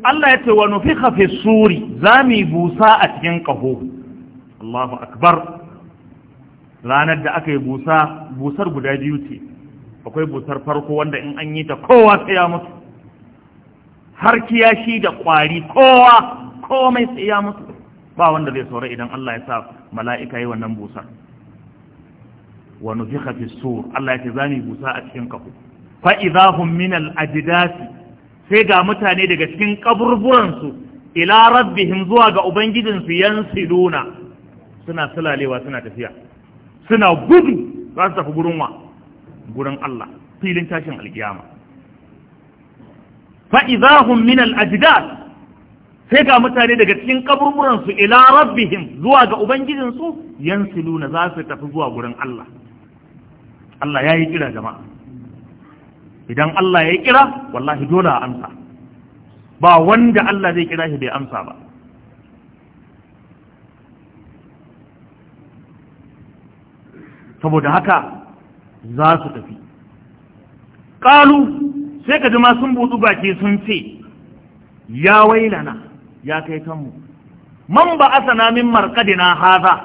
Allah ya ce wa nufiha fi suri za mu busa a cikin ƙaho Allahu akbar ranar da aka yi busa busar guda biyu ce akwai busar farko wanda in an yi ta kowa sai ya mutu har kiyashi da kwari kowa komai sai ya mutu ba wanda zai saura idan Allah ya sa mala'ika yi wannan busar wa nufiha fi sur Allah ya ce zani busa a cikin kafu fa idahum min al ajdasi sai ga mutane daga cikin kaburburan su ila rabbihim zuwa ga ubangijinsu yansiluna suna sulalewa suna tafiya suna gudu za su tafi gurin wa gurin Allah filin tashin alkiyama fa idahum min al ajdad sai ga mutane daga cikin su ila rabbihim zuwa ga ubangijinsu yansiluna za su tafi zuwa gurin Allah Allah ya kira jama'a idan Allah yayi kira wallahi dole a amsa ba wanda Allah zai kira shi bai amsa ba saboda haka za su tafi ƙalu sai ka jima sun buɗu baki sun ce ya wailana ya kai kanmu man ba asana min markadina haza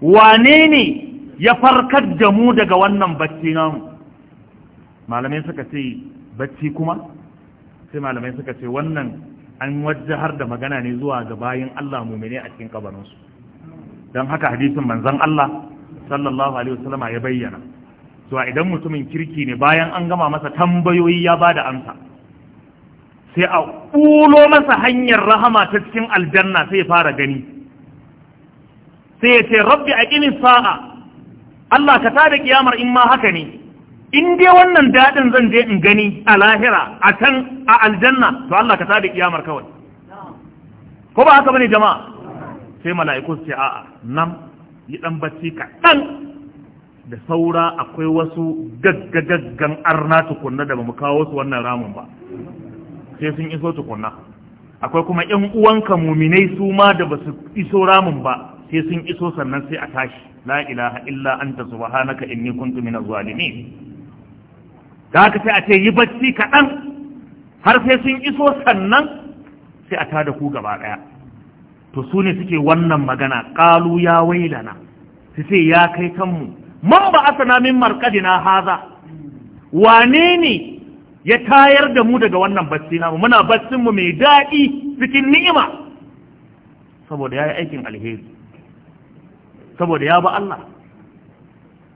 wane ne ya farkar da mu daga wannan bacci namu malamai suka ce bacci kuma sai malamai suka ce wannan an har da magana ne zuwa ga bayan Allah mumine a cikin kabarinsu don haka hadisin manzon Allah sallallahu alaihi wasallama ya bayyana to idan mutumin kirki ne bayan an gama masa tambayoyi ya bada amsa sai a ƙulo masa hanyar rahama ta cikin aljanna sai ya fara gani sai ya ce rabbi a ƙini sa'a Allah ka tada kiyamar in ma haka ne in dai wannan daɗin zan je in gani a lahira a can a aljanna to Allah ka tada kiyamar kawai ko ba haka bane jama'a sai mala'iku su ce a'a nan yi ɗan bacci kaɗan da saura akwai wasu gaggagaggan arna tukunna da ba mu kawo su wannan ramin ba sai sun iso tukunna akwai kuma ƴan uwanka muminai su ma da ba su iso ramin ba sai sun iso sannan sai a tashi la ilaha illa anta subhanaka inni kuntu minaz zalimin da haka sai a ce yi bacci kaɗan har sai sun iso sannan sai a tada ku gaba ɗaya to su ne suke wannan magana ƙalu ya wailana su ce ya kai kanmu man ba asana min markadina haza wane ne ya tayar da mu daga wannan bacci namu muna baccinmu mai daɗi cikin ni'ima saboda ya yi aikin alheri saboda ya ba Allah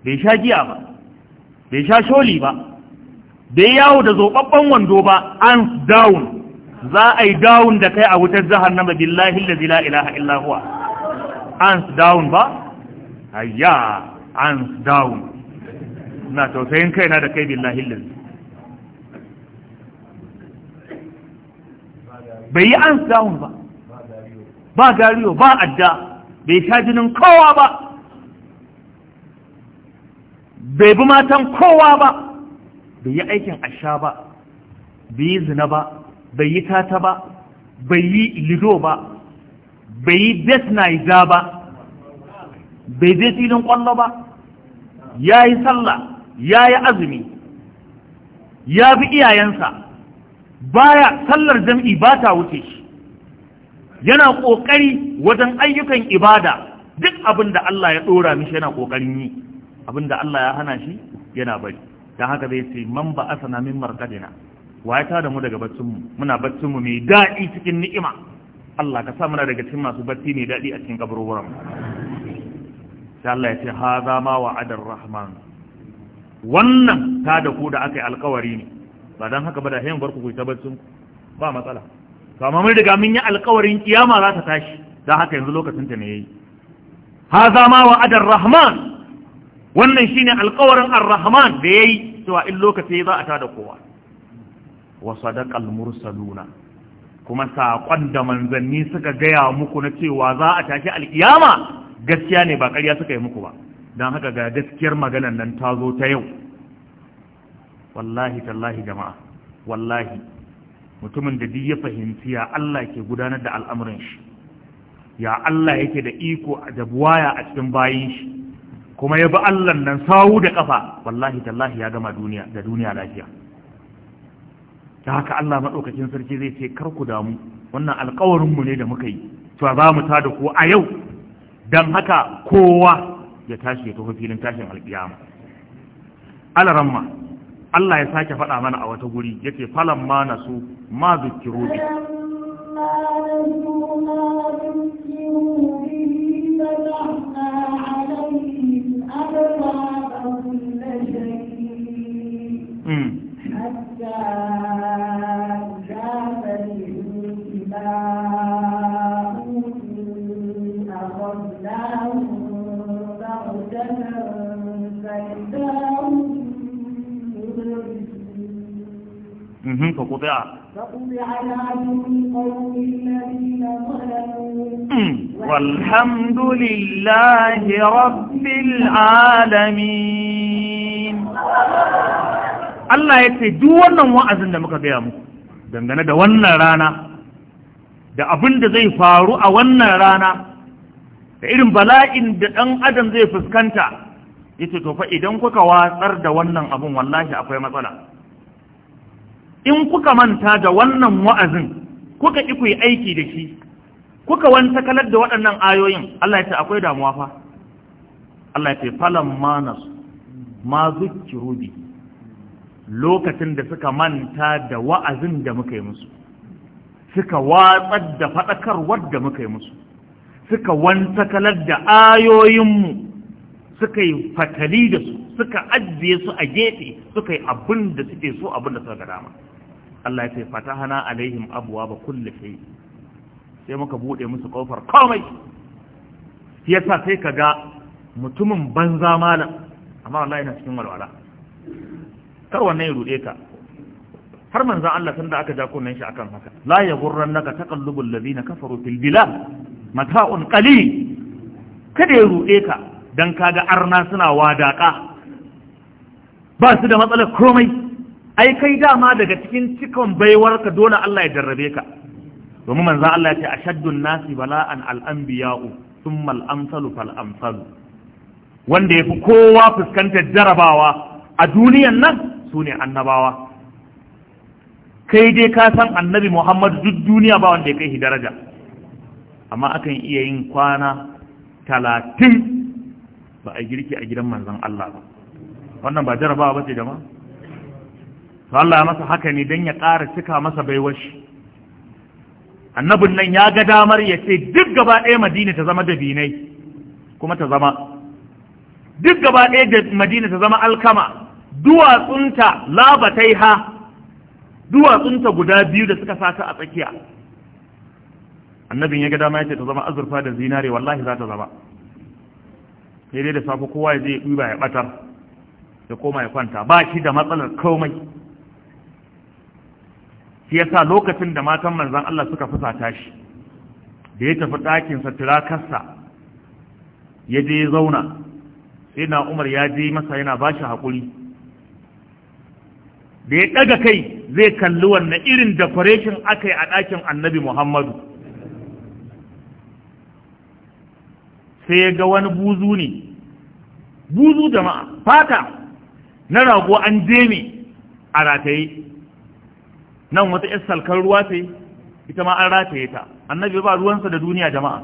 bai sha giya ba bai sha sholi ba bai yawo da zoɓaɓɓen wando ba an down za a yi dawun da kai a wutar zahar jahannama billahi allazi la ilaha illa huwa hands down ba ayya hands dawun. na tausayin kai na da kai billahi allazi bai yi hands dawun ba ba gariyo ba adda bai sha jinin kowa ba bai bi matan kowa ba bai yi aikin asha ba bai yi zina ba bai yi tata ba bai yi lido ba bai yi betnaiza ba bai je filin kwallo ba ya yi sallah ya yi azumi ya bi iyayensa baya sallar jam'i ba ta wuce shi yana ƙoƙari wajen ayyukan ibada duk abin da Allah ya ɗora mishi yana ƙoƙarin yi abin da Allah ya hana shi yana bari don haka zai ce man ba asana min markadina Waye ta da mu daga baccinmu muna baccinmu mai daɗi cikin ni'ima Allah ka sa muna daga cikin masu bacci mai daɗi a cikin kaburburan sai Allah ya ce haza ma adar rahman wannan da ku da aka yi alkawari ne ba don haka ba da hayan barku ku ta baccin ba matsala to amma mun riga mun yi alkawarin kiyama za ta tashi don haka yanzu lokacin ta ne yayi haza ma adar rahman wannan shine alkawarin ar-rahman da yayi cewa in lokaci za a ta da kowa wa sadaqal mursaluna kuma saƙon da manzanni suka gaya muku na cewa za a tashi alkiyama gaskiya ne ba ƙarya suka yi muku ba don haka ga gaskiyar maganar nan ta zo ta yau wallahi tallahi jama'a wallahi mutumin da duk ya fahimci ya Allah ke gudanar da al'amuran shi ya Allah yake da iko da buwaya a cikin bayin shi kuma ya bi Allah nan sawu da kafa wallahi tallahi ya gama duniya da duniya lafiya Da haka Allah maɗaukakin sarki zai ce kar ku damu wannan alkawarinmu ne da muka yi cewa za mu ta da ku a yau don haka kowa ya tashi ya tafi filin tashin alƙiyama alaramma Allah ya sake faɗa mana a wata guri yace falan ma nasu ma zukkiru bi فقطع والحمد لله رب alamin. Allah ya ce duk wannan wa'azin da muka gaya muku dangane da wannan rana da abin da zai faru a wannan rana da irin bala'in da ɗan adam zai fuskanta yace to fa idan kuka watsar da wannan abin wallahi akwai matsala in kuka manta da wannan wa'azin kuka ki ku yi aiki da shi kuka wanta kalar da waɗannan ayoyin Allah ya ce akwai damuwa fa Allah ya ce falan manas ma zukkiru lokacin da suka manta da wa'azin da muka yi musu suka watsar da faɗakarwar da muka yi musu suka wanta kalar da ayoyinmu suka yi fatali da su suka ajiye su a gefe suka yi abin da suke so abin da suka dama Allah ya ce fatahana alaihim abuwa ba kulle sai sai muka buɗe musu kofar komai yasa sai ka ga mutumin banza malam amma Allah na cikin walwala kar wannan ya rude ka har manzan Allah sanda da aka ja kunnen shi akan haka la ya gurran naka taqallubul ladina kafaru fil bilad mata'un qalil kada ya ruɗe ka dan kaga arna suna wadaka ba su da matsalar komai ai kai dama daga cikin cikon baiwarka dole Allah ya jarrabe ka domin manzo Allah ya ce ashaddun nasi bala'an al'anbiya'u thumma amsalu fal amsalu wanda yafi kowa fuskantar jarabawa a duniyan nan sune annabawa kai dai ka san annabi Muhammad duk duniya ba wanda ya kai shi daraja amma akan iya yin kwana talatin ba a girki a gidan manzon Allah ba wannan ba jarabawa ba ce jama'a to Allah masa haka ne don ya ƙara cika masa baiwar shi annabin nan ya ga damar ya ce duk gaba ɗaya madina ta zama dabinai kuma ta zama duk gaba ɗaya madina ta zama alkama duwatsunta labatai ha duwatsunta guda biyu da suka sata a tsakiya annabin ya ga dama ya ce ta zama azurfa da zinare wallahi za ta zama sai dai da safe kowa ya zai ɗuba ya ɓatar ya koma ya kwanta ba shi da matsalar komai shi yasa lokacin da matan manzon Allah suka fusata shi da ya tafi ɗakin sa tirakarsa ya je zauna sai na Umar ya je masa yana ba shi haƙuri. da ya ɗaga kai zai kalli wannan irin decoration aka yi a ɗakin annabi Muhammadu sai ya ga wani buzu ne buzu jama'a fata na rago an je a rataye nan wata yar salkar ruwa ce ita ma an rataye ta annabi ba ruwansa da duniya jama'a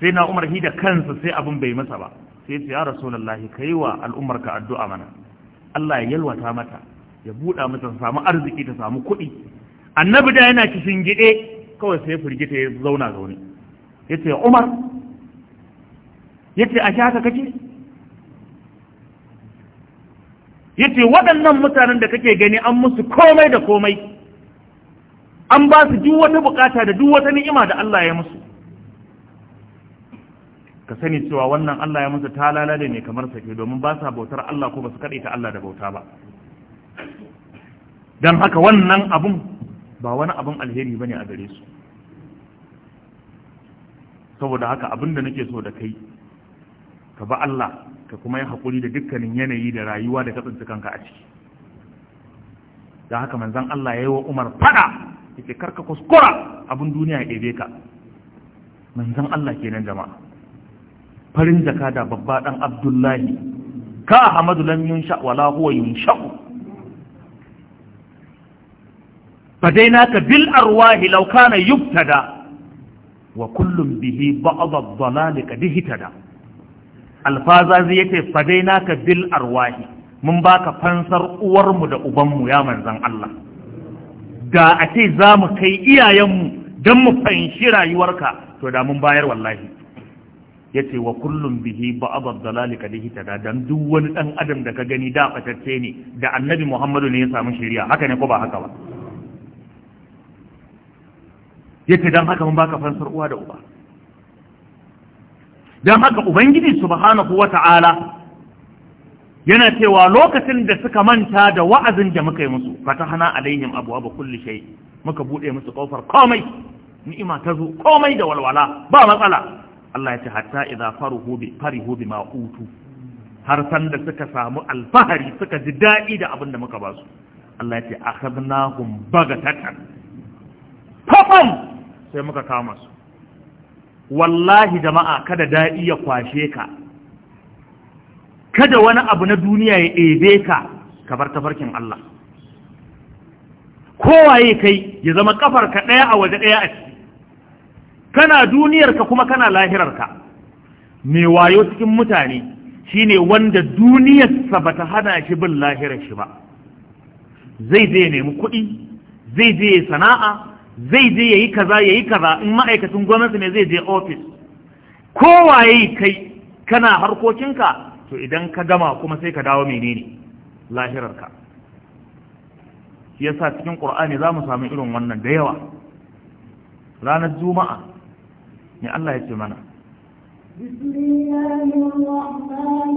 sai na umar hida kansa sai abin bai masa ba sai ce ya rasulullahi kai wa al'ummar ka addu'a mana Allah ya yalwata mata ya buɗa mata ta samu arziki ta samu kuɗi annabi da yana cikin gide kawai sai firgita ya zauna zaune yace umar yace a haka kake yace waɗannan mutanen da kake gani an musu komai da komai an ba su duk wata bukata da duk wata ni'ima da Allah ya musu ka sani cewa wannan Allah ya musu talala da ne kamar sake domin ba sa bautar Allah ko ba su kaɗe ta Allah da bauta ba dan haka wannan abun ba wani abun alheri ba ne a gare su saboda haka abin da nake so da kai ka ba Allah ka kuma yi haƙuri da dukkanin yanayi da rayuwa da tsinci kanka a ciki da haka manzan Allah ya yi wa Umar fada yake karka kuskura abin duniya ya ɗebe ka manzan Allah kenan jama'a farin jaka da babba ɗan Abdullahi ka Ahmadu lam yunsha wala huwa yunsha ka bil arwahi law kana yubtada wa kullum bihi ba'd ad-dhalal qad ihtada alfazazi yace naka bil arwahi mun baka fansar uwarmu da ubanmu ya manzan Allah da a ce za mu kai iyayenmu don mu fahimci rayuwarka to da mun bayar wallahi ya ce wa kullum bihi ba abar dalali ka dihita da duk wani ɗan adam da ka gani da fatacce ne da annabi muhammadu ne ya samu shari'a haka ne ko ba haka ba ya ce don haka mun baka fansar uwa da uba don haka ubangiji subhanahu wata'ala yana cewa lokacin da suka manta da wa'azin da muka yi musu fatahna alaihim abwaaba kulli shai, muka bude musu kofar komai ni'ima ta zo komai da walwala ba matsala Allah ya ce hatta idza faruhu bi farihu bima utu har san da suka samu alfahari suka ji daɗi da abin da muka ba su Allah ya ce akhadnahum bagatatan fafam sai muka kama su wallahi jama'a kada daɗi ya kwashe ka kada wani abu na duniya ya ebe ka ka bar tafarkin Allah kowaye kai ya zama kafar ka ɗaya a waje ɗaya a ciki kana duniyarka kuma kana lahirarka Me wayo cikin mutane shine wanda duniyarsa bata hana shi bin lahirar shi ba zai je nemi kuɗi zai je sana'a zai je yayi kaza yayi kaza in ma'aikacin gwamnati ne zai je ofis kowaye kai kana harkokinka to idan ka gama kuma sai ka dawo menene lahirarka yasa cikin ƙur'ani za mu samu irin wannan da yawa ranar juma'a ne Allah ya ce mana بسم الله الرحمن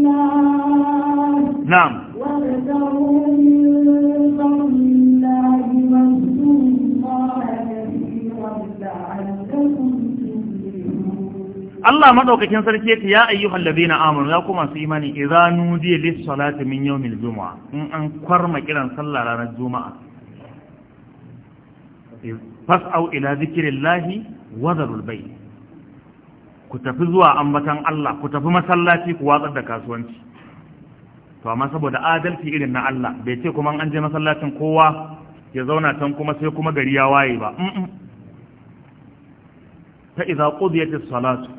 الله نعم Allah madaukakin sarki yace ya ayyuhal ladina amanu ya kuma su imani idza nudiya lis salati min yawmil juma'a in an kwarma kiran sallah ranar juma'a fas'au ila zikrillahi wa dharul bayt ku tafi zuwa ambatan Allah ku tafi masallaci ku watsar da kasuwanci to amma saboda adalci irin na Allah bai ce kuma an je masallacin kowa ya zauna can kuma sai kuma gari ya waye ba ta idza qudiyat as-salatu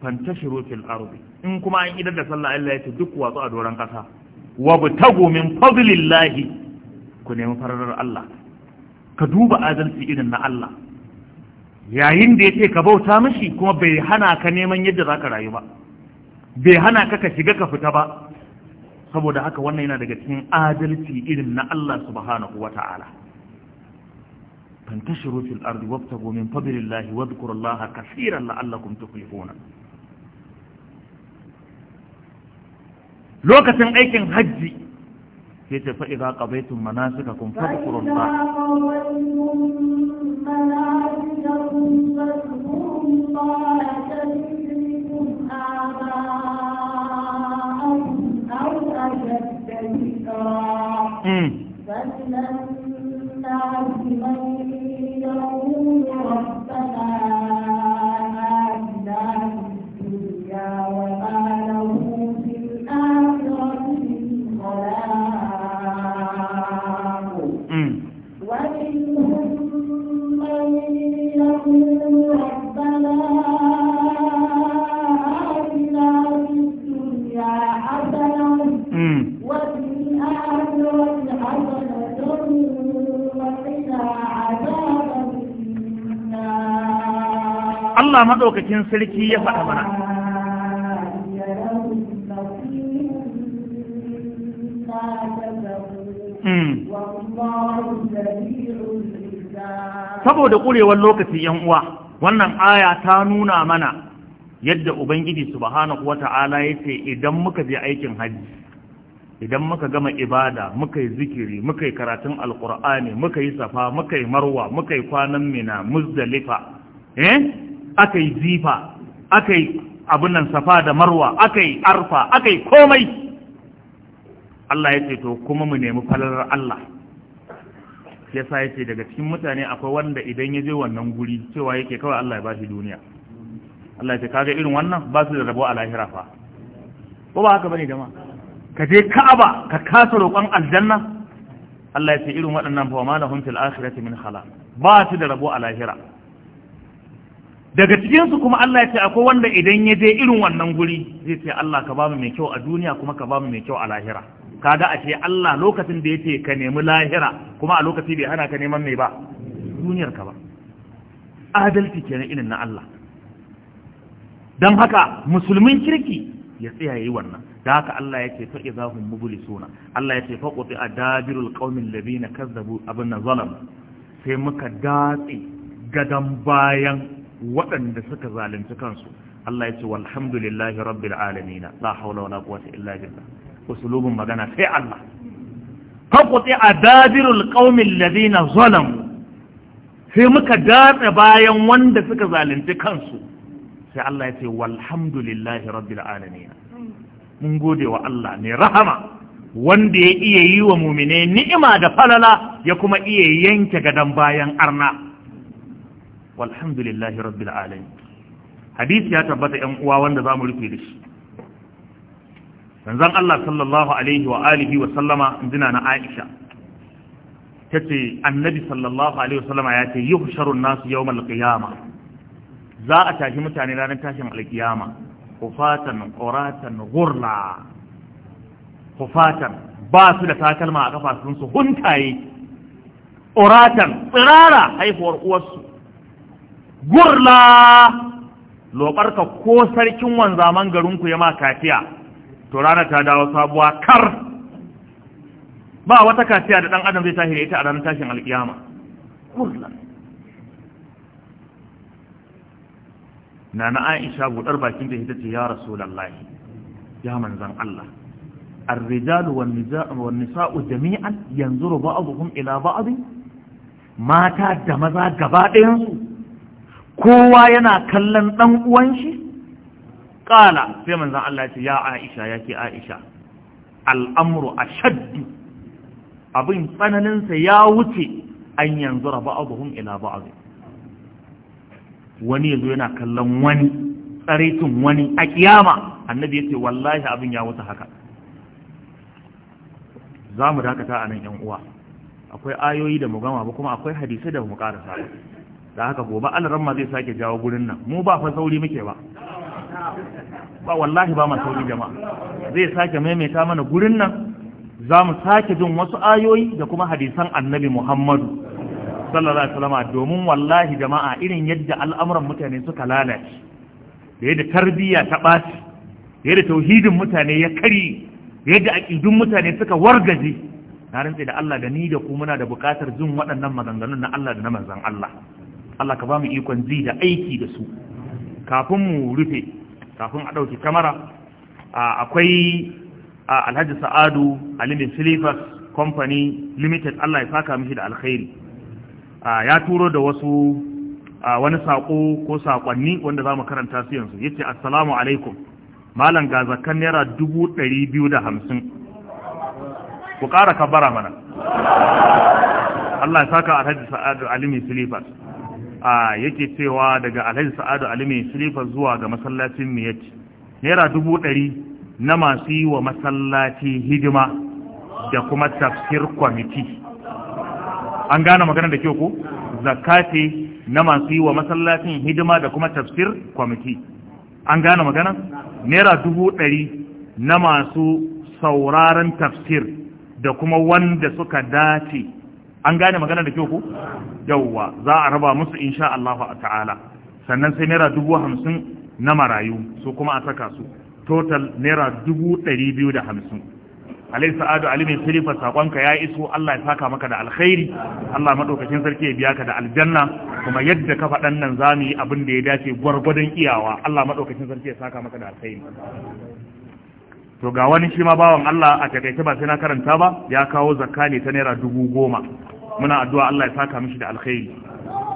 fantashiru fil ardi in kuma an idar da sallah Allah yace duk watsu a doran kasa wa butagu min fadlillahi ku nemi fararar Allah ka duba adalci irin na Allah yayin da ya ce ka bauta mashi kuma bai hana ka neman yadda za ka rayu ba bai hana ka ka shiga ka fita ba saboda haka wannan yana daga cikin adalci irin na Allah subhanahu wa ta'ala fantashiru fil ardi wabtagu min fadlillahi wadhkurullaha kaseeran la'allakum tuflihuna lokacin aikin hajji sai ce faɗi ba ƙabaitun manasika kun faɗi kurun ba فَلَنَّا بِمَنْ يَقُولُ رَبِّ Mm. Allah maɗaukakin sarki ya faɗa mana. Mm. saboda ƙurewar lokaci yan uwa wannan aya ta nuna mana yadda ubangiji subhanahu ya ce idan muka je aikin hajji idan muka gama ibada muka yi zikiri muka yi karatun alkur'ani muka yi safa muka yi marwa muka yi kwanan mina muzdalifa eh aka zifa aka yi abunan safa da marwa aka arfa aka komai Allah ya ce to kuma mu nemi falalar Allah ya sa ya ce daga cikin mutane akwai wanda idan ya je wannan guri cewa yake kawai Allah ya bashi duniya Allah ya ce kaga irin wannan ba su da rabo a lahira fa ko ba haka bane jama'a ka je ka'aba ka kasa roƙon aljanna Allah ya ce irin waɗannan fa ma lahum fil akhirati min khala ba su da rabo a lahira daga cikin su kuma Allah ya ce akwai wanda idan ya je irin wannan guri zai ce Allah ka bamu mai kyau a duniya kuma ka bamu mai kyau a lahira kaga a ce Allah lokacin da yake ka nemi lahira kuma a lokaci bai hana ka neman mai ba duniyar ka ba adalci kenan irin na Allah dan haka musulmin kirki ya tsaya yi wannan da haka Allah yake fa idahum suna, Allah yake fa quti adabirul qaumil ladina kazzabu abana zalam sai muka datsi gadon bayan waɗanda suka zalunci kansu Allah yake walhamdulillahi rabbil alamin la hawla wala quwwata illa billah usulubun magana sai Allah fa quti adabirul qaumil ladina zalamu sai muka datsa bayan wanda suka zalunci kansu sai Allah ya ce walhamdulillahi rabbil alamin mun gode wa Allah ne rahama wanda ya iya yi wa mumine ni'ima da falala ya kuma iya yanke gadon bayan arna walhamdulillahi rabbil alamin hadisi ya tabbata yan uwa wanda za mu rufe da shi manzon Allah sallallahu alaihi wa alihi wa sallama injina na Aisha tace annabi sallallahu alaihi wa sallama ya ce yuhsharun nasu yawmal qiyamah za a tashi mutane ranar tashin alkiyama kufatan ƙoratan gurla kufatan ba su da takalma a su huntaye ƙoratan tsirara haifuwar uwarsu gurla lobarka ko sarkin wanzaman garinku ya ma kafiya to rana ta dawo sabuwa kar ba wata kafiya da ɗan adam zai hira ita a ranar tashin alkiyama gurla na na aisha buɗar bakin da ita ce ya rasulallahi ya manzan Allah الرجال والنساء جميعا ينظر بعضهم إلى بعض mata da maza gabaɗayansu? kowa yana kallon ɗan uwanshi ƙala sai manzan Allah ce ya aisha ya ke aisha Al'amru a shaddu abin tsananinsa ya wuce an yanzu raba abuhun ila ba'azu wani yazo yana kallon wani tsaritin wani a kiyama annabi yace wallahi abin ya wuce haka za mu dakata a nan yan uwa akwai ayoyi da mu gama ba kuma akwai hadisai da mu karasa da haka gobe ma zai sake jawo gurin nan mu ba fa sauri muke ba ba wallahi ba ma sauri jama'a zai sake maimaita mana gurin nan za mu sake jin wasu ayoyi da kuma hadisan annabi muhammadu sallallahu alaihi wasallam domin wallahi jama'a irin yadda al'amuran mutane suka lalace da yadda tarbiyya ta ɓaci da yadda tauhidin mutane ya kari da yadda aƙidun mutane suka wargaje na rantse da Allah da ni da ku muna da buƙatar jin waɗannan maganganun na Allah da na manzon Allah Allah ka ba mu ikon ji da aiki da su kafin mu rufe kafin a ɗauki kamara akwai alhaji sa'adu alimin silifas company limited Allah ya saka mishi da alkhairi Ah, ya turo da wasu ah, wani saƙo ko saƙonni wanda za mu karanta su yanzu ya ce assalamu alaikum malam ga zakan naira dubu biyu da hamsin ku ƙara kabara mana Allah ya saka alhaji sa'adu alimi silifas a ah, yake cewa daga alhaji sa'adu alimi silifas zuwa ga masallacin yace naira dubu na masu yi wa masallaci hidima da kuma tafsir kwamiti an gane maganar da kyau ko zakati na masu yi wa masallacin hidima da kuma tafsir kwamiti an gane magana naira dubu ɗari na masu sauraron tafsir da kuma wanda suka dace an gane magana da kyau ku yauwa za a raba musu insha Allah ta'ala sannan sai naira dubu hamsin na marayu su kuma a saka su total naira dubu ɗari biyu da hamsin alai sa'adu alimin sirifa sakonka ya iso Allah ya saka maka da alkhairi Allah madaukakin sarki ya biya ka da aljanna kuma yadda ka faɗan nan za mu yi abin da ya dace gwargwadon iyawa Allah madaukakin sarki ya saka maka da alkhairi to ga wani shi ma bawan Allah a takaice ba sai na karanta ba ya kawo zakka ne ta naira dubu goma muna addu'a Allah ya saka mishi da alkhairi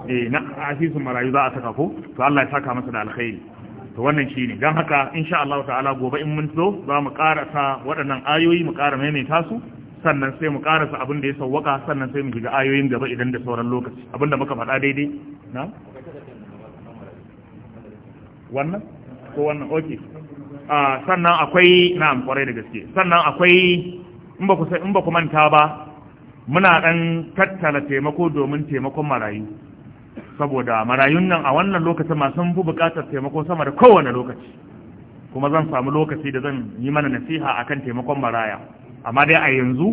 eh na asisun marayu za a saka ko to Allah ya saka masa da alkhairi to wannan shi ne don haka insha Allah ta'ala gobe in mun zo za mu karasa waɗannan ayoyi mu ƙara maimaita su sannan sai mu karasa abin da ya sauwaka sannan sai mu shiga ayoyin gaba idan da sauran lokaci abin da muka faɗa daidai na wannan ko wannan ok ah, sannan akwai na amfarai da gaske sannan akwai in ba ku manta ba muna ɗan tattala taimako domin taimakon marayu saboda marayun nan a wannan lokacin masu fi buƙatar taimako sama da kowane lokaci kuma zan samu lokaci da zan yi mana nasiha akan taimakon maraya amma dai a yanzu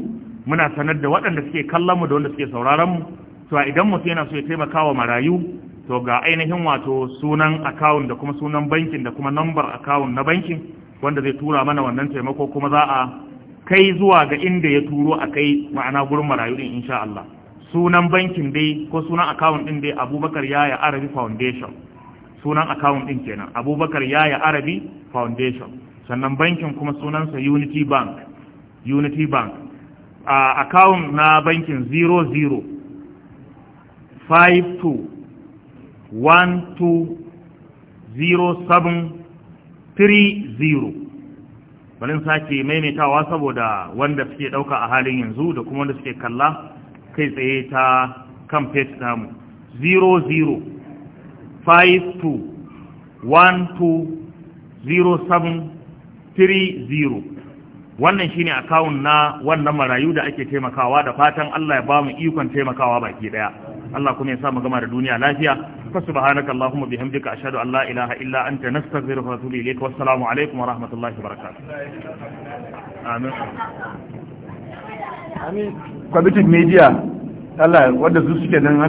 muna sanar da waɗanda suke kallon mu da wanda suke sauraron mu cewa idan mutum yana so ya taimaka wa marayu to ga ainihin wato sunan akawun da kuma sunan bankin da kuma nambar akawun na bankin wanda zai tura mana wannan taimako kuma za a kai zuwa ga inda ya turo a kai ma'ana gurin marayu din insha Allah sunan bankin dai ko sunan account din dai abubakar yaya arabi foundation sunan account din kenan abubakar yaya arabi foundation sannan bankin kuma sunansa unity bank unity bank a account na bankin 00 52 12 07 30 bari sake maimaitawa saboda wanda suke dauka a halin yanzu da kuma wanda suke kalla kai tsaye ta kan page namu 00 52 12 07 wannan shine akawun na wannan marayu da ake taimakawa da fatan Allah ya ba bamu ikon taimakawa baki daya Allah kuma ya sa mu gama da duniya lafiya fa subhanaka allahumma bihamdika ashhadu an la ilaha illa anta nastaghfiruka wa atubu ilayk assalamu alaikum wa rahmatullahi wa barakatuh kwamitin media Allah wadda su suke nan